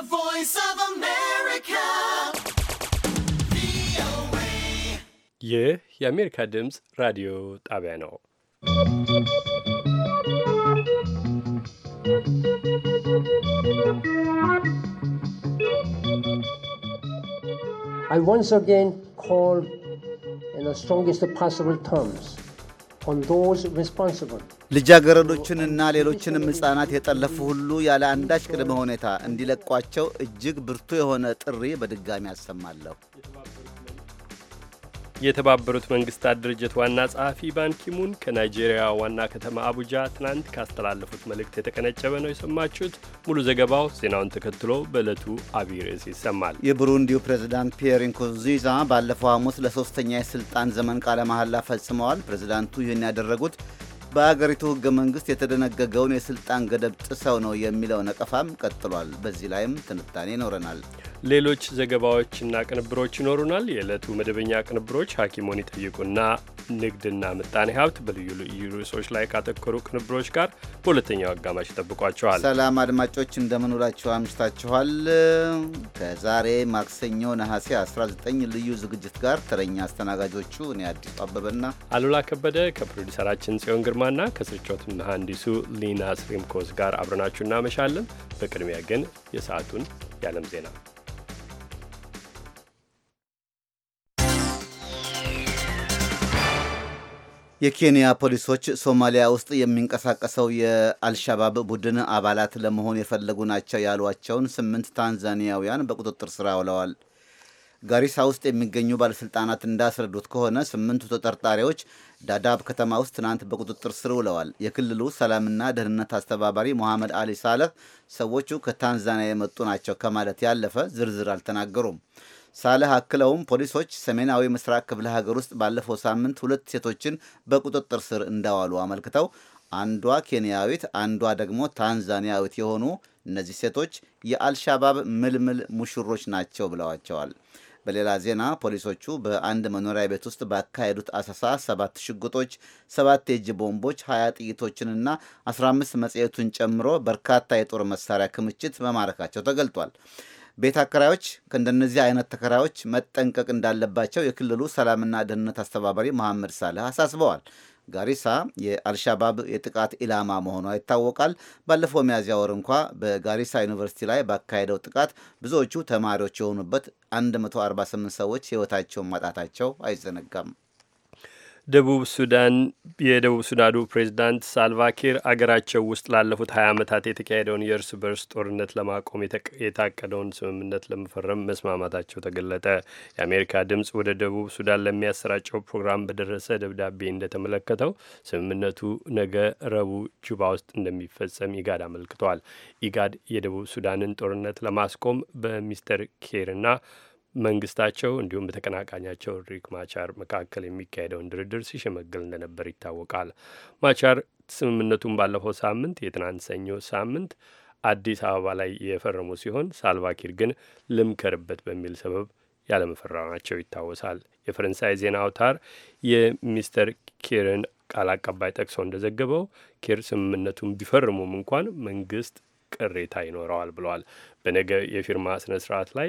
The voice of America. ይህ የአሜሪካ ድምፅ ራዲዮ ጣቢያ ነው። I once again call in the strongest possible terms on those responsible ልጃገረዶችንና ሌሎችንም ሕፃናት የጠለፉ ሁሉ ያለ አንዳች ቅድመ ሁኔታ እንዲለቋቸው እጅግ ብርቱ የሆነ ጥሪ በድጋሚ አሰማለሁ። የተባበሩት መንግስታት ድርጅት ዋና ጸሐፊ ባንኪሙን ከናይጄሪያ ዋና ከተማ አቡጃ ትናንት ካስተላለፉት መልእክት የተቀነጨበ ነው የሰማችሁት። ሙሉ ዘገባው ዜናውን ተከትሎ በዕለቱ አብይ ርዕስ ይሰማል። የብሩንዲው ፕሬዚዳንት ፒየር ንኩሩንዚዛ ባለፈው ሐሙስ ለሶስተኛ የስልጣን ዘመን ቃለ መሐላ ፈጽመዋል። ፕሬዚዳንቱ ይህን ያደረጉት በአገሪቱ ህገ መንግስት የተደነገገውን የስልጣን ገደብ ጥሰው ነው የሚለው ነቀፋም ቀጥሏል። በዚህ ላይም ትንታኔ ይኖረናል። ሌሎች ዘገባዎችና ቅንብሮች ይኖሩናል። የዕለቱ መደበኛ ቅንብሮች ሐኪሞን ይጠይቁና ንግድና ምጣኔ ሀብት በልዩ ልዩ ርዕሶች ላይ ካተኮሩ ቅንብሮች ጋር በሁለተኛው አጋማሽ ይጠብቋቸዋል። ሰላም አድማጮች፣ እንደምንውላቸው አምሽታችኋል። ከዛሬ ማክሰኞ ነሐሴ 19 ልዩ ዝግጅት ጋር ተረኛ አስተናጋጆቹ እኔ አዲሱ አበበና አሉላ ከበደ ከፕሮዲሰራችን ጽዮን ግርማና ከስርጮት መሐንዲሱ ሊና ስሪምኮስ ጋር አብረናችሁ እናመሻለን። በቅድሚያ ግን የሰዓቱን የዓለም ዜና የኬንያ ፖሊሶች ሶማሊያ ውስጥ የሚንቀሳቀሰው የአልሻባብ ቡድን አባላት ለመሆን የፈለጉ ናቸው ያሏቸውን ስምንት ታንዛኒያውያን በቁጥጥር ስር አውለዋል። ጋሪሳ ውስጥ የሚገኙ ባለሥልጣናት እንዳስረዱት ከሆነ ስምንቱ ተጠርጣሪዎች ዳዳብ ከተማ ውስጥ ትናንት በቁጥጥር ስር ውለዋል። የክልሉ ሰላምና ደህንነት አስተባባሪ ሞሐመድ አሊ ሳለህ ሰዎቹ ከታንዛኒያ የመጡ ናቸው ከማለት ያለፈ ዝርዝር አልተናገሩም። ሳልህ አክለውም ፖሊሶች ሰሜናዊ ምስራቅ ክፍለ ሀገር ውስጥ ባለፈው ሳምንት ሁለት ሴቶችን በቁጥጥር ስር እንዳዋሉ አመልክተው አንዷ ኬንያዊት አንዷ ደግሞ ታንዛኒያዊት የሆኑ እነዚህ ሴቶች የአልሻባብ ምልምል ሙሽሮች ናቸው ብለዋቸዋል። በሌላ ዜና ፖሊሶቹ በአንድ መኖሪያ ቤት ውስጥ ባካሄዱት አሰሳ ሰባት ሽጉጦች፣ ሰባት የእጅ ቦምቦች፣ ሀያ ጥይቶችንና 15 መጽሔቱን ጨምሮ በርካታ የጦር መሳሪያ ክምችት መማረካቸው ተገልጧል። ቤት አከራዮች ከእንደነዚህ አይነት ተከራዮች መጠንቀቅ እንዳለባቸው የክልሉ ሰላምና ደህንነት አስተባባሪ መሐመድ ሳልህ አሳስበዋል። ጋሪሳ የአልሻባብ የጥቃት ኢላማ መሆኗ ይታወቃል። ባለፈው ሚያዝያ ወር እንኳ በጋሪሳ ዩኒቨርሲቲ ላይ ባካሄደው ጥቃት ብዙዎቹ ተማሪዎች የሆኑበት 148 ሰዎች ሕይወታቸውን ማጣታቸው አይዘነጋም። ደቡብ ሱዳን የደቡብ ሱዳኑ ፕሬዚዳንት ሳልቫኪር አገራቸው ውስጥ ላለፉት ሀያ ዓመታት የተካሄደውን የእርስ በርስ ጦርነት ለማቆም የታቀደውን ስምምነት ለመፈረም መስማማታቸው ተገለጠ። የአሜሪካ ድምፅ ወደ ደቡብ ሱዳን ለሚያሰራጨው ፕሮግራም በደረሰ ደብዳቤ እንደተመለከተው ስምምነቱ ነገ ረቡዕ ጁባ ውስጥ እንደሚፈጸም ኢጋድ አመልክቷል። ኢጋድ የደቡብ ሱዳንን ጦርነት ለማስቆም በሚስተር ኬርና መንግስታቸው እንዲሁም በተቀናቃኛቸው ሪክ ማቻር መካከል የሚካሄደውን ድርድር ሲሸመግል እንደነበር ይታወቃል። ማቻር ስምምነቱን ባለፈው ሳምንት የትናንት ሰኞ ሳምንት አዲስ አበባ ላይ የፈረሙ ሲሆን ሳልቫኪር ግን ልምከርበት በሚል ሰበብ ያለመፈረማቸው ይታወሳል። የፈረንሳይ ዜና አውታር የሚስተር ኪርን ቃል አቀባይ ጠቅሶ እንደዘገበው ኪር ስምምነቱን ቢፈርሙም እንኳን መንግስት ቅሬታ ይኖረዋል ብለዋል። በነገ የፊርማ ስነ ስርዓት ላይ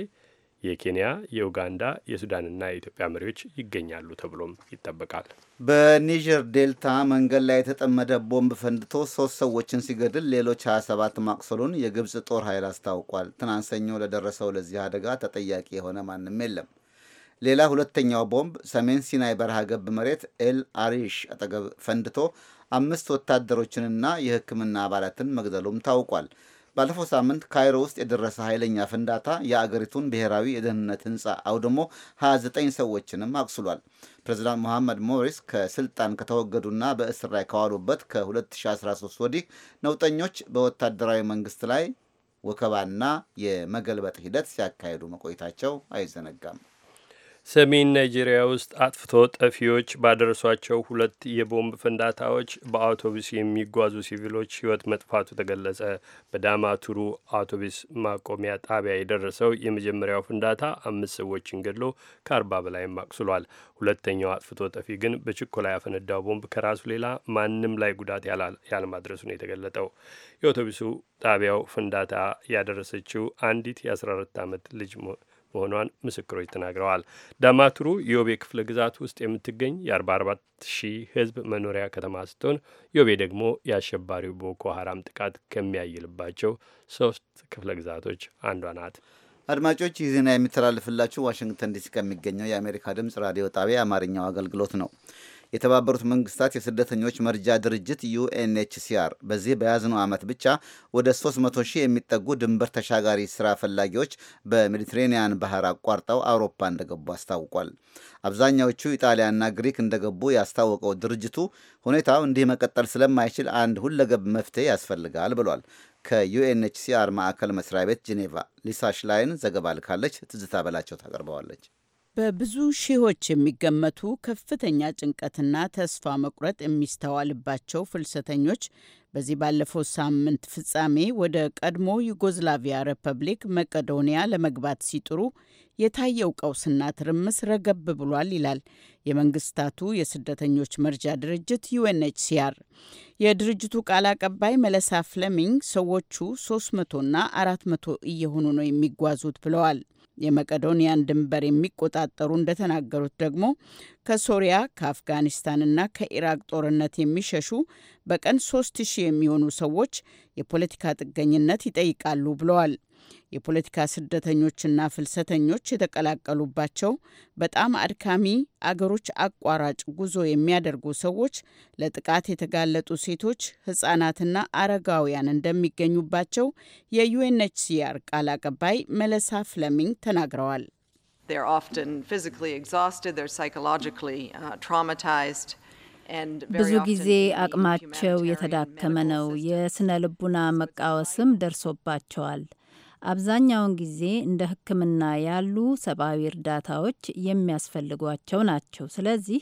የኬንያ የኡጋንዳ የሱዳንና የኢትዮጵያ መሪዎች ይገኛሉ ተብሎም ይጠበቃል። በኒጀር ዴልታ መንገድ ላይ የተጠመደ ቦምብ ፈንድቶ ሶስት ሰዎችን ሲገድል ሌሎች 27 ማቁሰሉን የግብፅ ጦር ኃይል አስታውቋል። ትናንት ሰኞ ለደረሰው ለዚህ አደጋ ተጠያቂ የሆነ ማንም የለም። ሌላ ሁለተኛው ቦምብ ሰሜን ሲናይ በረሃ ገብ መሬት ኤል አሪሽ አጠገብ ፈንድቶ አምስት ወታደሮችንና የሕክምና አባላትን መግደሉም ታውቋል። ባለፈው ሳምንት ካይሮ ውስጥ የደረሰ ኃይለኛ ፍንዳታ የአገሪቱን ብሔራዊ የደህንነት አው አውድሞ 29 ሰዎችንም አቁስሏል። ፕሬዚዳንት ሞሐመድ ሞሪስ ከስልጣን ከተወገዱና በእስር ላይ ከዋሉበት ከ2013 ወዲህ ነውጠኞች በወታደራዊ መንግስት ላይ ወከባና የመገልበጥ ሂደት ሲያካሂዱ መቆየታቸው አይዘነጋም። ሰሜን ናይጄሪያ ውስጥ አጥፍቶ ጠፊዎች ባደረሷቸው ሁለት የቦምብ ፍንዳታዎች በአውቶቡስ የሚጓዙ ሲቪሎች ሕይወት መጥፋቱ ተገለጸ። በዳማቱሩ አውቶቡስ ማቆሚያ ጣቢያ የደረሰው የመጀመሪያው ፍንዳታ አምስት ሰዎችን ገድሎ ከአርባ በላይም አቁስሏል። ሁለተኛው አጥፍቶ ጠፊ ግን በችኮላ ያፈነዳው ቦምብ ከራሱ ሌላ ማንም ላይ ጉዳት ያለማድረሱ ነው የተገለጠው። የአውቶቡሱ ጣቢያው ፍንዳታ ያደረሰችው አንዲት የ14 ዓመት ልጅ መሆኗን ምስክሮች ተናግረዋል። ዳማቱሩ ዮቤ ክፍለ ግዛት ውስጥ የምትገኝ የ44 ሺህ ሕዝብ መኖሪያ ከተማ ስትሆን ዮቤ ደግሞ የአሸባሪው ቦኮ ሀራም ጥቃት ከሚያይልባቸው ሶስት ክፍለ ግዛቶች አንዷ ናት። አድማጮች ይህ ዜና የሚተላልፍላችሁ ዋሽንግተን ዲሲ ከሚገኘው የአሜሪካ ድምጽ ራዲዮ ጣቢያ የአማርኛው አገልግሎት ነው። የተባበሩት መንግስታት የስደተኞች መርጃ ድርጅት ዩኤንኤችሲአር በዚህ በያዝነው ዓመት ብቻ ወደ 300 ሺህ የሚጠጉ ድንበር ተሻጋሪ ስራ ፈላጊዎች በሜዲትሬንያን ባህር አቋርጠው አውሮፓ እንደገቡ አስታውቋል። አብዛኛዎቹ ኢጣሊያና ግሪክ እንደገቡ ያስታወቀው ድርጅቱ ሁኔታው እንዲህ መቀጠል ስለማይችል አንድ ሁለገብ መፍትሄ ያስፈልጋል ብሏል። ከዩኤንኤችሲአር ማዕከል መስሪያ ቤት ጄኔቫ ሊሳ ሽላይን ዘገባ ልካለች። ትዝታ በላቸው ታቀርበዋለች። በብዙ ሺዎች የሚገመቱ ከፍተኛ ጭንቀትና ተስፋ መቁረጥ የሚስተዋልባቸው ፍልሰተኞች በዚህ ባለፈው ሳምንት ፍጻሜ ወደ ቀድሞ ዩጎዝላቪያ ሪፐብሊክ መቀዶኒያ ለመግባት ሲጥሩ የታየው ቀውስና ትርምስ ረገብ ብሏል ይላል የመንግስታቱ የስደተኞች መርጃ ድርጅት ዩኤንኤችሲአር። የድርጅቱ ቃል አቀባይ መለሳ ፍለሚንግ ሰዎቹ 300ና 400 እየሆኑ ነው የሚጓዙት ብለዋል። የመቀዶኒያን ድንበር የሚቆጣጠሩ እንደተናገሩት ደግሞ ከሶሪያ ከአፍጋኒስታንና ከኢራቅ ጦርነት የሚሸሹ በቀን ሶስት ሺህ የሚሆኑ ሰዎች የፖለቲካ ጥገኝነት ይጠይቃሉ ብለዋል። የፖለቲካ ስደተኞችና ፍልሰተኞች የተቀላቀሉባቸው በጣም አድካሚ አገሮች አቋራጭ ጉዞ የሚያደርጉ ሰዎች፣ ለጥቃት የተጋለጡ ሴቶች፣ ህጻናትና አረጋውያን እንደሚገኙባቸው የዩኤንኤችሲአር ቃል አቀባይ መለሳ ፍለሚንግ ተናግረዋል። uh, ብዙ ጊዜ አቅማቸው የተዳከመ ነው። የስነ ልቡና መቃወስም ደርሶባቸዋል። አብዛኛውን ጊዜ እንደ ሕክምና ያሉ ሰብአዊ እርዳታዎች የሚያስፈልጓቸው ናቸው። ስለዚህ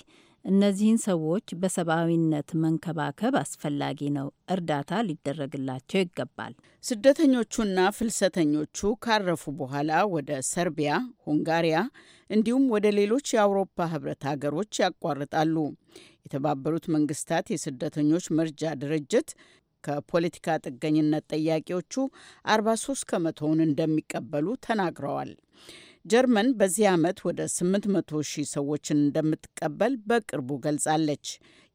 እነዚህን ሰዎች በሰብአዊነት መንከባከብ አስፈላጊ ነው። እርዳታ ሊደረግላቸው ይገባል። ስደተኞቹና ፍልሰተኞቹ ካረፉ በኋላ ወደ ሰርቢያ፣ ሁንጋሪያ እንዲሁም ወደ ሌሎች የአውሮፓ ህብረት ሀገሮች ያቋርጣሉ። የተባበሩት መንግስታት የስደተኞች መርጃ ድርጅት ከፖለቲካ ጥገኝነት ጠያቂዎቹ 43 ከመቶውን እንደሚቀበሉ ተናግረዋል። ጀርመን በዚህ ዓመት ወደ 800 ሺህ ሰዎችን እንደምትቀበል በቅርቡ ገልጻለች።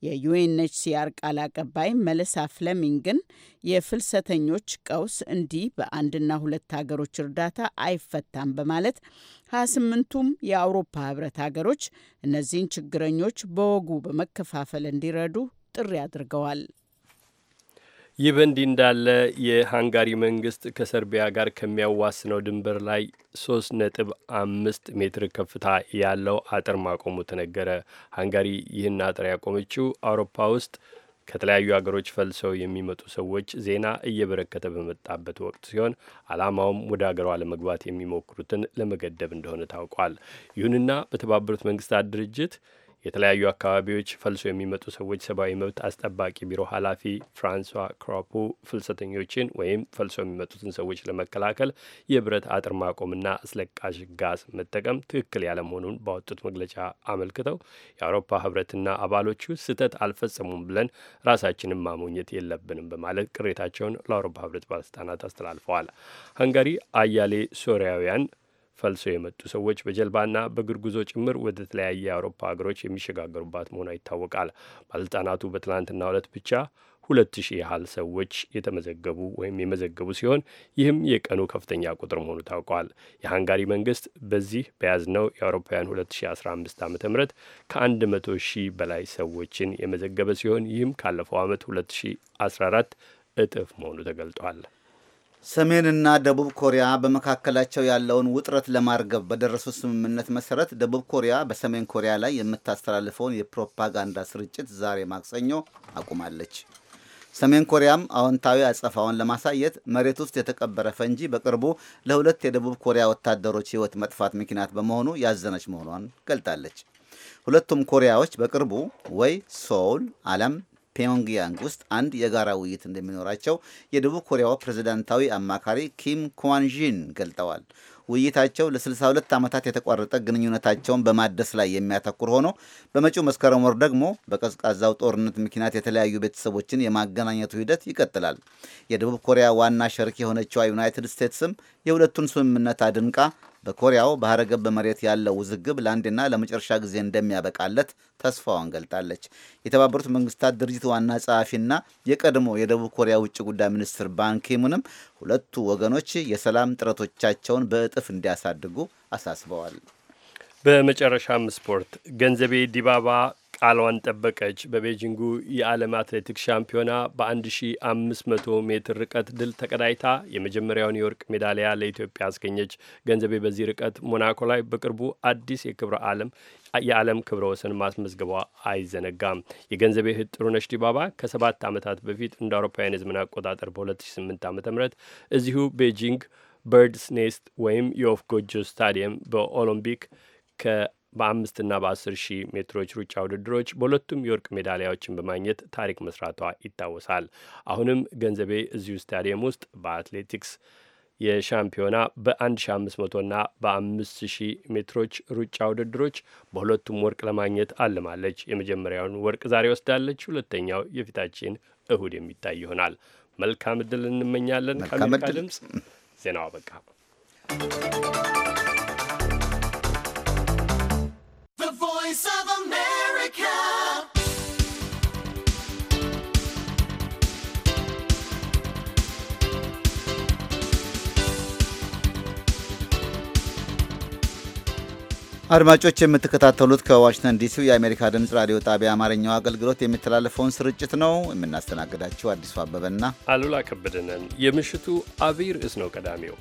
የዩኤንኤችሲአር ቃል አቀባይ መለሳ ፍለሚንግ ግን የፍልሰተኞች ቀውስ እንዲህ በአንድና ሁለት ሀገሮች እርዳታ አይፈታም በማለት 28ቱም የአውሮፓ ህብረት ሀገሮች እነዚህን ችግረኞች በወጉ በመከፋፈል እንዲረዱ ጥሪ አድርገዋል። ይህ በእንዲህ እንዳለ የሃንጋሪ መንግስት ከሰርቢያ ጋር ከሚያዋስነው ድንበር ላይ ሶስት ነጥብ አምስት ሜትር ከፍታ ያለው አጥር ማቆሙ ተነገረ። ሃንጋሪ ይህን አጥር ያቆመችው አውሮፓ ውስጥ ከተለያዩ ሀገሮች ፈልሰው የሚመጡ ሰዎች ዜና እየበረከተ በመጣበት ወቅት ሲሆን ዓላማውም ወደ ሀገሯ ለመግባት የሚሞክሩትን ለመገደብ እንደሆነ ታውቋል። ይሁንና በተባበሩት መንግስታት ድርጅት የተለያዩ አካባቢዎች ፈልሶ የሚመጡ ሰዎች ሰብአዊ መብት አስጠባቂ ቢሮ ኃላፊ ፍራንሷ ክሮፑ ፍልሰተኞችን ወይም ፈልሶ የሚመጡትን ሰዎች ለመከላከል የብረት አጥር ማቆምና አስለቃሽ ጋዝ መጠቀም ትክክል ያለመሆኑን ባወጡት መግለጫ አመልክተው የአውሮፓ ህብረትና አባሎቹ ስህተት አልፈጸሙም ብለን ራሳችንን ማሞኘት የለብንም በማለት ቅሬታቸውን ለአውሮፓ ህብረት ባለስልጣናት አስተላልፈዋል። ሀንጋሪ አያሌ ሶሪያውያን ፈልሰው የመጡ ሰዎች በጀልባና በእግር ጉዞ ጭምር ወደ ተለያየ የአውሮፓ ሀገሮች የሚሸጋገሩባት መሆኗ ይታወቃል። ባለስልጣናቱ በትናንትና ዕለት ብቻ ሁለት ሺህ ያህል ሰዎች የተመዘገቡ ወይም የመዘገቡ ሲሆን ይህም የቀኑ ከፍተኛ ቁጥር መሆኑ ታውቋል። የሃንጋሪ መንግስት በዚህ በያዝነው የአውሮፓውያን 2015 ዓ ም ከ100 ሺህ በላይ ሰዎችን የመዘገበ ሲሆን ይህም ካለፈው ዓመት 2014 እጥፍ መሆኑ ተገልጧል። ሰሜንና ደቡብ ኮሪያ በመካከላቸው ያለውን ውጥረት ለማርገብ በደረሱት ስምምነት መሰረት ደቡብ ኮሪያ በሰሜን ኮሪያ ላይ የምታስተላልፈውን የፕሮፓጋንዳ ስርጭት ዛሬ ማክሰኞ አቁማለች። ሰሜን ኮሪያም አዎንታዊ አጸፋውን ለማሳየት መሬት ውስጥ የተቀበረ ፈንጂ በቅርቡ ለሁለት የደቡብ ኮሪያ ወታደሮች ሕይወት መጥፋት ምክንያት በመሆኑ ያዘነች መሆኗን ገልጣለች። ሁለቱም ኮሪያዎች በቅርቡ ወይ ሶውል አለም ፒዮንግያንግ ውስጥ አንድ የጋራ ውይይት እንደሚኖራቸው የደቡብ ኮሪያው ፕሬዝዳንታዊ አማካሪ ኪም ኳንዥን ገልጠዋል። ውይይታቸው ለ62 ዓመታት የተቋረጠ ግንኙነታቸውን በማደስ ላይ የሚያተኩር ሆኖ በመጪው መስከረም ወር ደግሞ በቀዝቃዛው ጦርነት ምክንያት የተለያዩ ቤተሰቦችን የማገናኘቱ ሂደት ይቀጥላል። የደቡብ ኮሪያ ዋና ሸርክ የሆነችው ዩናይትድ ስቴትስም የሁለቱን ስምምነት አድንቃ በኮሪያው ባህረ ገብ መሬት ያለው ውዝግብ ለአንድና ለመጨረሻ ጊዜ እንደሚያበቃለት ተስፋዋን ገልጣለች። የተባበሩት መንግስታት ድርጅት ዋና ጸሐፊና የቀድሞ የደቡብ ኮሪያ ውጭ ጉዳይ ሚኒስትር ባንኪሙንም ሁለቱ ወገኖች የሰላም ጥረቶቻቸውን በእጥፍ እንዲያሳድጉ አሳስበዋል። በመጨረሻም ስፖርት ገንዘቤ ዲባባ ቃሏን ጠበቀች። በቤጂንጉ የዓለም አትሌቲክስ ሻምፒዮና በ1500 ሜትር ርቀት ድል ተቀዳይታ የመጀመሪያውን የወርቅ ሜዳሊያ ለኢትዮጵያ አስገኘች። ገንዘቤ በዚህ ርቀት ሞናኮ ላይ በቅርቡ አዲስ የክብረ ዓለም የዓለም ክብረ ወሰን ማስመዝገቧ አይዘነጋም። የገንዘቤ እህት ጥሩነሽ ዲባባ ከሰባት ዓመታት በፊት እንደ አውሮፓውያን የዘመን አቆጣጠር በ2008 ዓ ም እዚሁ ቤጂንግ በርድስ ኔስት ወይም የኦፍ ጎጆ ስታዲየም በኦሎምፒክ ከ በአምስትና በአስር ሺህ ሜትሮች ሩጫ ውድድሮች በሁለቱም የወርቅ ሜዳሊያዎችን በማግኘት ታሪክ መስራቷ ይታወሳል። አሁንም ገንዘቤ እዚሁ ስታዲየም ውስጥ በአትሌቲክስ የሻምፒዮና በ1500 እና በ5000 ሜትሮች ሩጫ ውድድሮች በሁለቱም ወርቅ ለማግኘት አልማለች። የመጀመሪያውን ወርቅ ዛሬ ወስዳለች። ሁለተኛው የፊታችን እሁድ የሚታይ ይሆናል። መልካም እድል እንመኛለን። ከአሜሪካ ድምፅ ዜናው አበቃ። አድማጮች የምትከታተሉት ከዋሽንግተን ዲሲው የአሜሪካ ድምፅ ራዲዮ ጣቢያ አማርኛው አገልግሎት የሚተላለፈውን ስርጭት ነው። የምናስተናግዳችሁ አዲሱ አበበና አሉላ ከበደነን። የምሽቱ አብይ ርዕስ ነው ቀዳሚው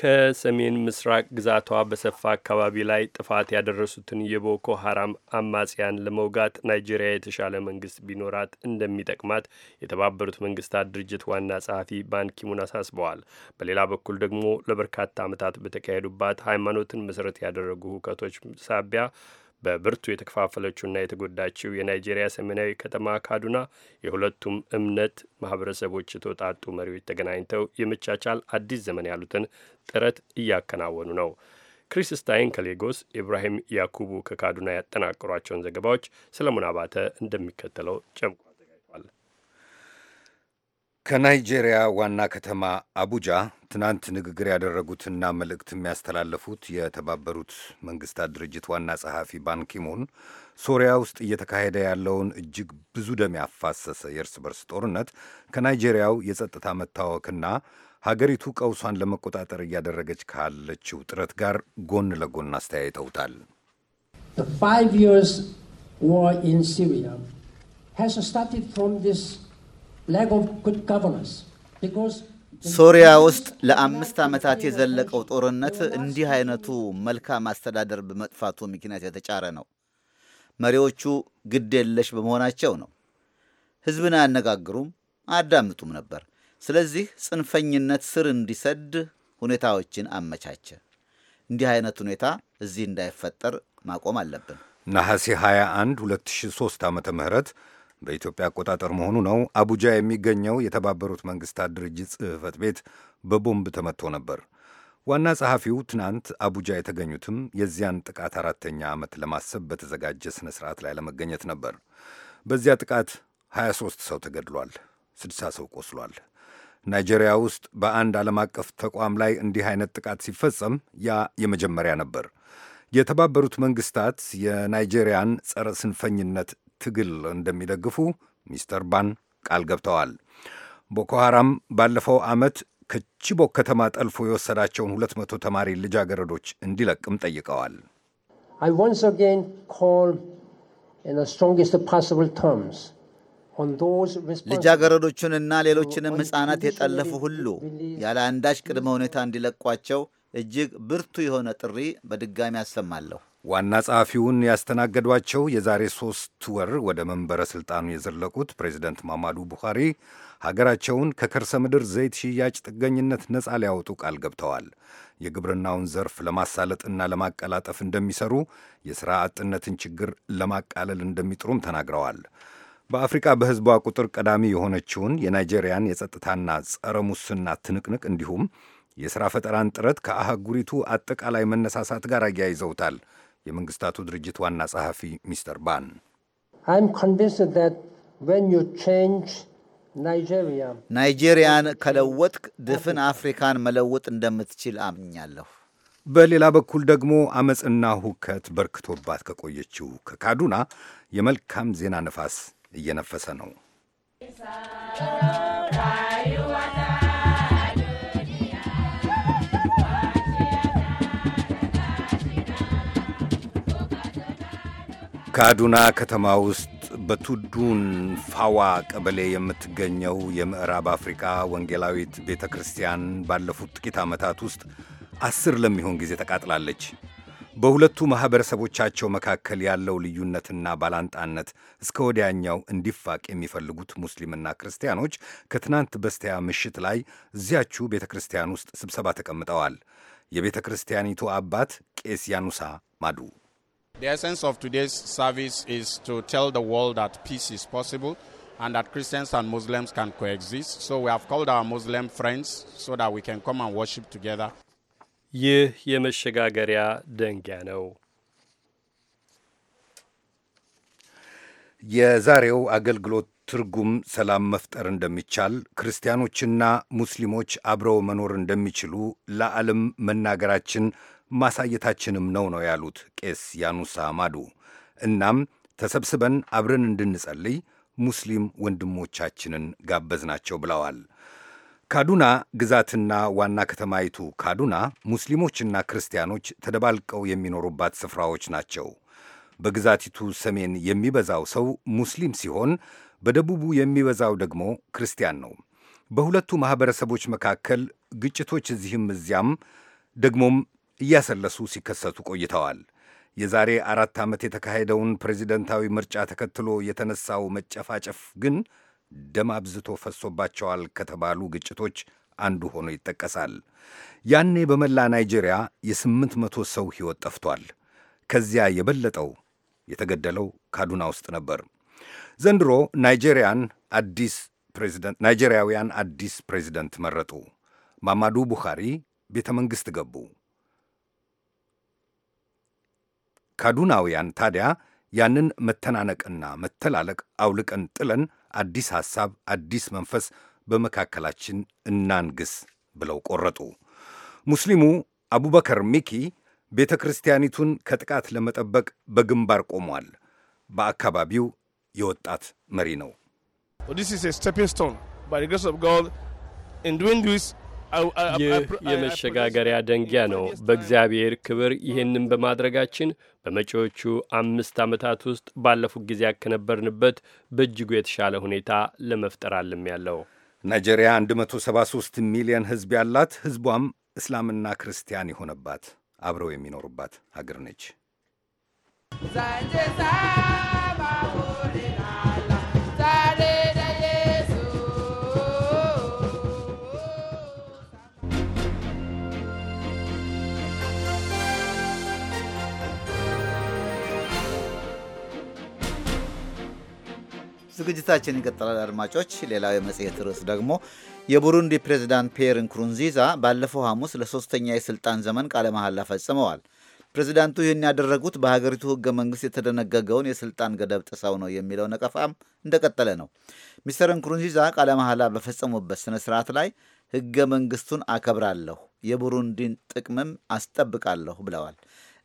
ከሰሜን ምስራቅ ግዛቷ በሰፋ አካባቢ ላይ ጥፋት ያደረሱትን የቦኮ ሀራም አማጽያን ለመውጋት ናይጄሪያ የተሻለ መንግስት ቢኖራት እንደሚጠቅማት የተባበሩት መንግስታት ድርጅት ዋና ጸሐፊ ባንኪሙን አሳስበዋል። በሌላ በኩል ደግሞ ለበርካታ ዓመታት በተካሄዱባት ሃይማኖትን መሰረት ያደረጉ ሁከቶች ሳቢያ በብርቱ የተከፋፈለችውና የተጎዳችው የናይጄሪያ ሰሜናዊ ከተማ ካዱና የሁለቱም እምነት ማህበረሰቦች የተውጣጡ መሪዎች ተገናኝተው የመቻቻል አዲስ ዘመን ያሉትን ጥረት እያከናወኑ ነው። ክሪስ ስታይን ከሌጎስ፣ ኢብራሂም ያኩቡ ከካዱና ያጠናቀሯቸውን ዘገባዎች ሰለሞን አባተ እንደሚከተለው ጨምቁ ከናይጄሪያ ዋና ከተማ አቡጃ ትናንት ንግግር ያደረጉትና መልእክት የሚያስተላለፉት የተባበሩት መንግስታት ድርጅት ዋና ጸሐፊ ባንኪሙን ሶሪያ ውስጥ እየተካሄደ ያለውን እጅግ ብዙ ደም ያፋሰሰ የእርስ በርስ ጦርነት ከናይጄሪያው የጸጥታ መታወክና ሀገሪቱ ቀውሷን ለመቆጣጠር እያደረገች ካለችው ጥረት ጋር ጎን ለጎን አስተያይተውታል። ሲሪያ ሶሪያ ውስጥ ለአምስት ዓመታት የዘለቀው ጦርነት እንዲህ አይነቱ መልካም አስተዳደር በመጥፋቱ ምክንያት የተጫረ ነው። መሪዎቹ ግድ የለሽ በመሆናቸው ነው። ሕዝብን አያነጋግሩም፣ አያዳምጡም ነበር። ስለዚህ ጽንፈኝነት ስር እንዲሰድ ሁኔታዎችን አመቻቸ። እንዲህ አይነት ሁኔታ እዚህ እንዳይፈጠር ማቆም አለብን። ነሐሴ 21 2003 ዓ ም በኢትዮጵያ አቆጣጠር መሆኑ ነው። አቡጃ የሚገኘው የተባበሩት መንግስታት ድርጅት ጽህፈት ቤት በቦምብ ተመቶ ነበር። ዋና ጸሐፊው ትናንት አቡጃ የተገኙትም የዚያን ጥቃት አራተኛ ዓመት ለማሰብ በተዘጋጀ ሥነ ሥርዓት ላይ ለመገኘት ነበር። በዚያ ጥቃት 23 ሰው ተገድሏል፣ 60 ሰው ቆስሏል። ናይጄሪያ ውስጥ በአንድ ዓለም አቀፍ ተቋም ላይ እንዲህ አይነት ጥቃት ሲፈጸም ያ የመጀመሪያ ነበር። የተባበሩት መንግስታት የናይጄሪያን ጸረ ስንፈኝነት ትግል እንደሚደግፉ ሚስተር ባን ቃል ገብተዋል። ቦኮ ሐራም ባለፈው ዓመት ከቺቦክ ከተማ ጠልፎ የወሰዳቸውን 200 መቶ ተማሪ ልጃገረዶች እንዲለቅም ጠይቀዋል። ልጃገረዶቹንና ሌሎችንም ሕፃናት የጠለፉ ሁሉ ያለ አንዳች ቅድመ ሁኔታ እንዲለቋቸው እጅግ ብርቱ የሆነ ጥሪ በድጋሚ አሰማለሁ። ዋና ጸሐፊውን ያስተናገዷቸው የዛሬ ሦስት ወር ወደ መንበረ ሥልጣኑ የዘለቁት ፕሬዚደንት ማማዱ ቡኻሪ ሀገራቸውን ከከርሰ ምድር ዘይት ሽያጭ ጥገኝነት ነፃ ሊያወጡ ቃል ገብተዋል። የግብርናውን ዘርፍ ለማሳለጥና ለማቀላጠፍ እንደሚሰሩ፣ የሥራ አጥነትን ችግር ለማቃለል እንደሚጥሩም ተናግረዋል። በአፍሪካ በሕዝቧ ቁጥር ቀዳሚ የሆነችውን የናይጄሪያን የጸጥታና ጸረ ሙስና ትንቅንቅ እንዲሁም የሥራ ፈጠራን ጥረት ከአህጉሪቱ አጠቃላይ መነሳሳት ጋር አያይዘውታል። የመንግስታቱ ድርጅት ዋና ጸሐፊ ሚስተር ባን ናይጄሪያን ከለወጥክ ድፍን አፍሪካን መለወጥ እንደምትችል አምኛለሁ። በሌላ በኩል ደግሞ አመፅና ሁከት በርክቶባት ከቆየችው ከካዱና የመልካም ዜና ነፋስ እየነፈሰ ነው። ካዱና ከተማ ውስጥ በቱዱን ፋዋ ቀበሌ የምትገኘው የምዕራብ አፍሪካ ወንጌላዊት ቤተ ክርስቲያን ባለፉት ጥቂት ዓመታት ውስጥ አስር ለሚሆን ጊዜ ተቃጥላለች። በሁለቱ ማኅበረሰቦቻቸው መካከል ያለው ልዩነትና ባላንጣነት እስከ ወዲያኛው እንዲፋቅ የሚፈልጉት ሙስሊምና ክርስቲያኖች ከትናንት በስቲያ ምሽት ላይ እዚያችው ቤተ ክርስቲያን ውስጥ ስብሰባ ተቀምጠዋል። የቤተ ክርስቲያኒቱ አባት ቄስ ያኑሳ ማዱ The essence of today's service is to tell the world that peace is possible and that Christians and Muslims can coexist. So we have called our Muslim friends so that we can come and worship together. ይህ የመሸጋገሪያ ደንጊያ ነው። የዛሬው አገልግሎት ትርጉም ሰላም መፍጠር እንደሚቻል ክርስቲያኖችና ሙስሊሞች አብረው መኖር እንደሚችሉ ለዓለም መናገራችን ማሳየታችንም ነው ነው ያሉት ቄስ ያኑሳ ማዱ። እናም ተሰብስበን አብረን እንድንጸልይ ሙስሊም ወንድሞቻችንን ጋበዝናቸው ብለዋል። ካዱና ግዛትና ዋና ከተማይቱ ካዱና ሙስሊሞችና ክርስቲያኖች ተደባልቀው የሚኖሩባት ስፍራዎች ናቸው። በግዛቲቱ ሰሜን የሚበዛው ሰው ሙስሊም ሲሆን በደቡቡ የሚበዛው ደግሞ ክርስቲያን ነው። በሁለቱ ማኅበረሰቦች መካከል ግጭቶች እዚህም እዚያም ደግሞም እያሰለሱ ሲከሰቱ ቆይተዋል። የዛሬ አራት ዓመት የተካሄደውን ፕሬዚደንታዊ ምርጫ ተከትሎ የተነሳው መጨፋጨፍ ግን ደም አብዝቶ ፈሶባቸዋል ከተባሉ ግጭቶች አንዱ ሆኖ ይጠቀሳል። ያኔ በመላ ናይጄሪያ የስምንት መቶ ሰው ሕይወት ጠፍቷል። ከዚያ የበለጠው የተገደለው ካዱና ውስጥ ነበር። ዘንድሮ ናይጄሪያን አዲስ ፕሬዚደንት ናይጄሪያውያን አዲስ ፕሬዚደንት መረጡ። ማማዱ ቡኻሪ ቤተ መንግሥት ገቡ። ካዱናውያን ታዲያ ያንን መተናነቅና መተላለቅ አውልቀን ጥለን አዲስ ሐሳብ፣ አዲስ መንፈስ በመካከላችን እናንግስ ብለው ቆረጡ። ሙስሊሙ አቡበከር ሚኪ ቤተ ክርስቲያኒቱን ከጥቃት ለመጠበቅ በግንባር ቆሟል። በአካባቢው የወጣት መሪ ነው። ይህ የመሸጋገሪያ ደንጊያ ነው። በእግዚአብሔር ክብር ይህንን በማድረጋችን በመጪዎቹ አምስት ዓመታት ውስጥ ባለፉት ጊዜ ያከነበርንበት በእጅጉ የተሻለ ሁኔታ ለመፍጠር አልም ያለው ናይጄሪያ 173 ሚሊዮን ሕዝብ ያላት ሕዝቧም እስላምና ክርስቲያን የሆነባት አብረው የሚኖሩባት ሀገር ነች። ዝግጅታችን ይቀጥላል አድማጮች። ሌላው የመጽሔት ርዕስ ደግሞ የቡሩንዲ ፕሬዚዳንት ፒየር ንኩሩንዚዛ ባለፈው ሐሙስ ለሶስተኛ የሥልጣን ዘመን ቃለ መሐላ ፈጽመዋል። ፕሬዚዳንቱ ይህን ያደረጉት በሀገሪቱ ህገ መንግሥት የተደነገገውን የስልጣን ገደብ ጥሰው ነው የሚለው ነቀፋም እንደቀጠለ ነው። ሚስተር እንኩሩንዚዛ ቃለ መሐላ በፈጸሙበት ስነ ስርዓት ላይ ህገ መንግሥቱን አከብራለሁ፣ የቡሩንዲን ጥቅምም አስጠብቃለሁ ብለዋል።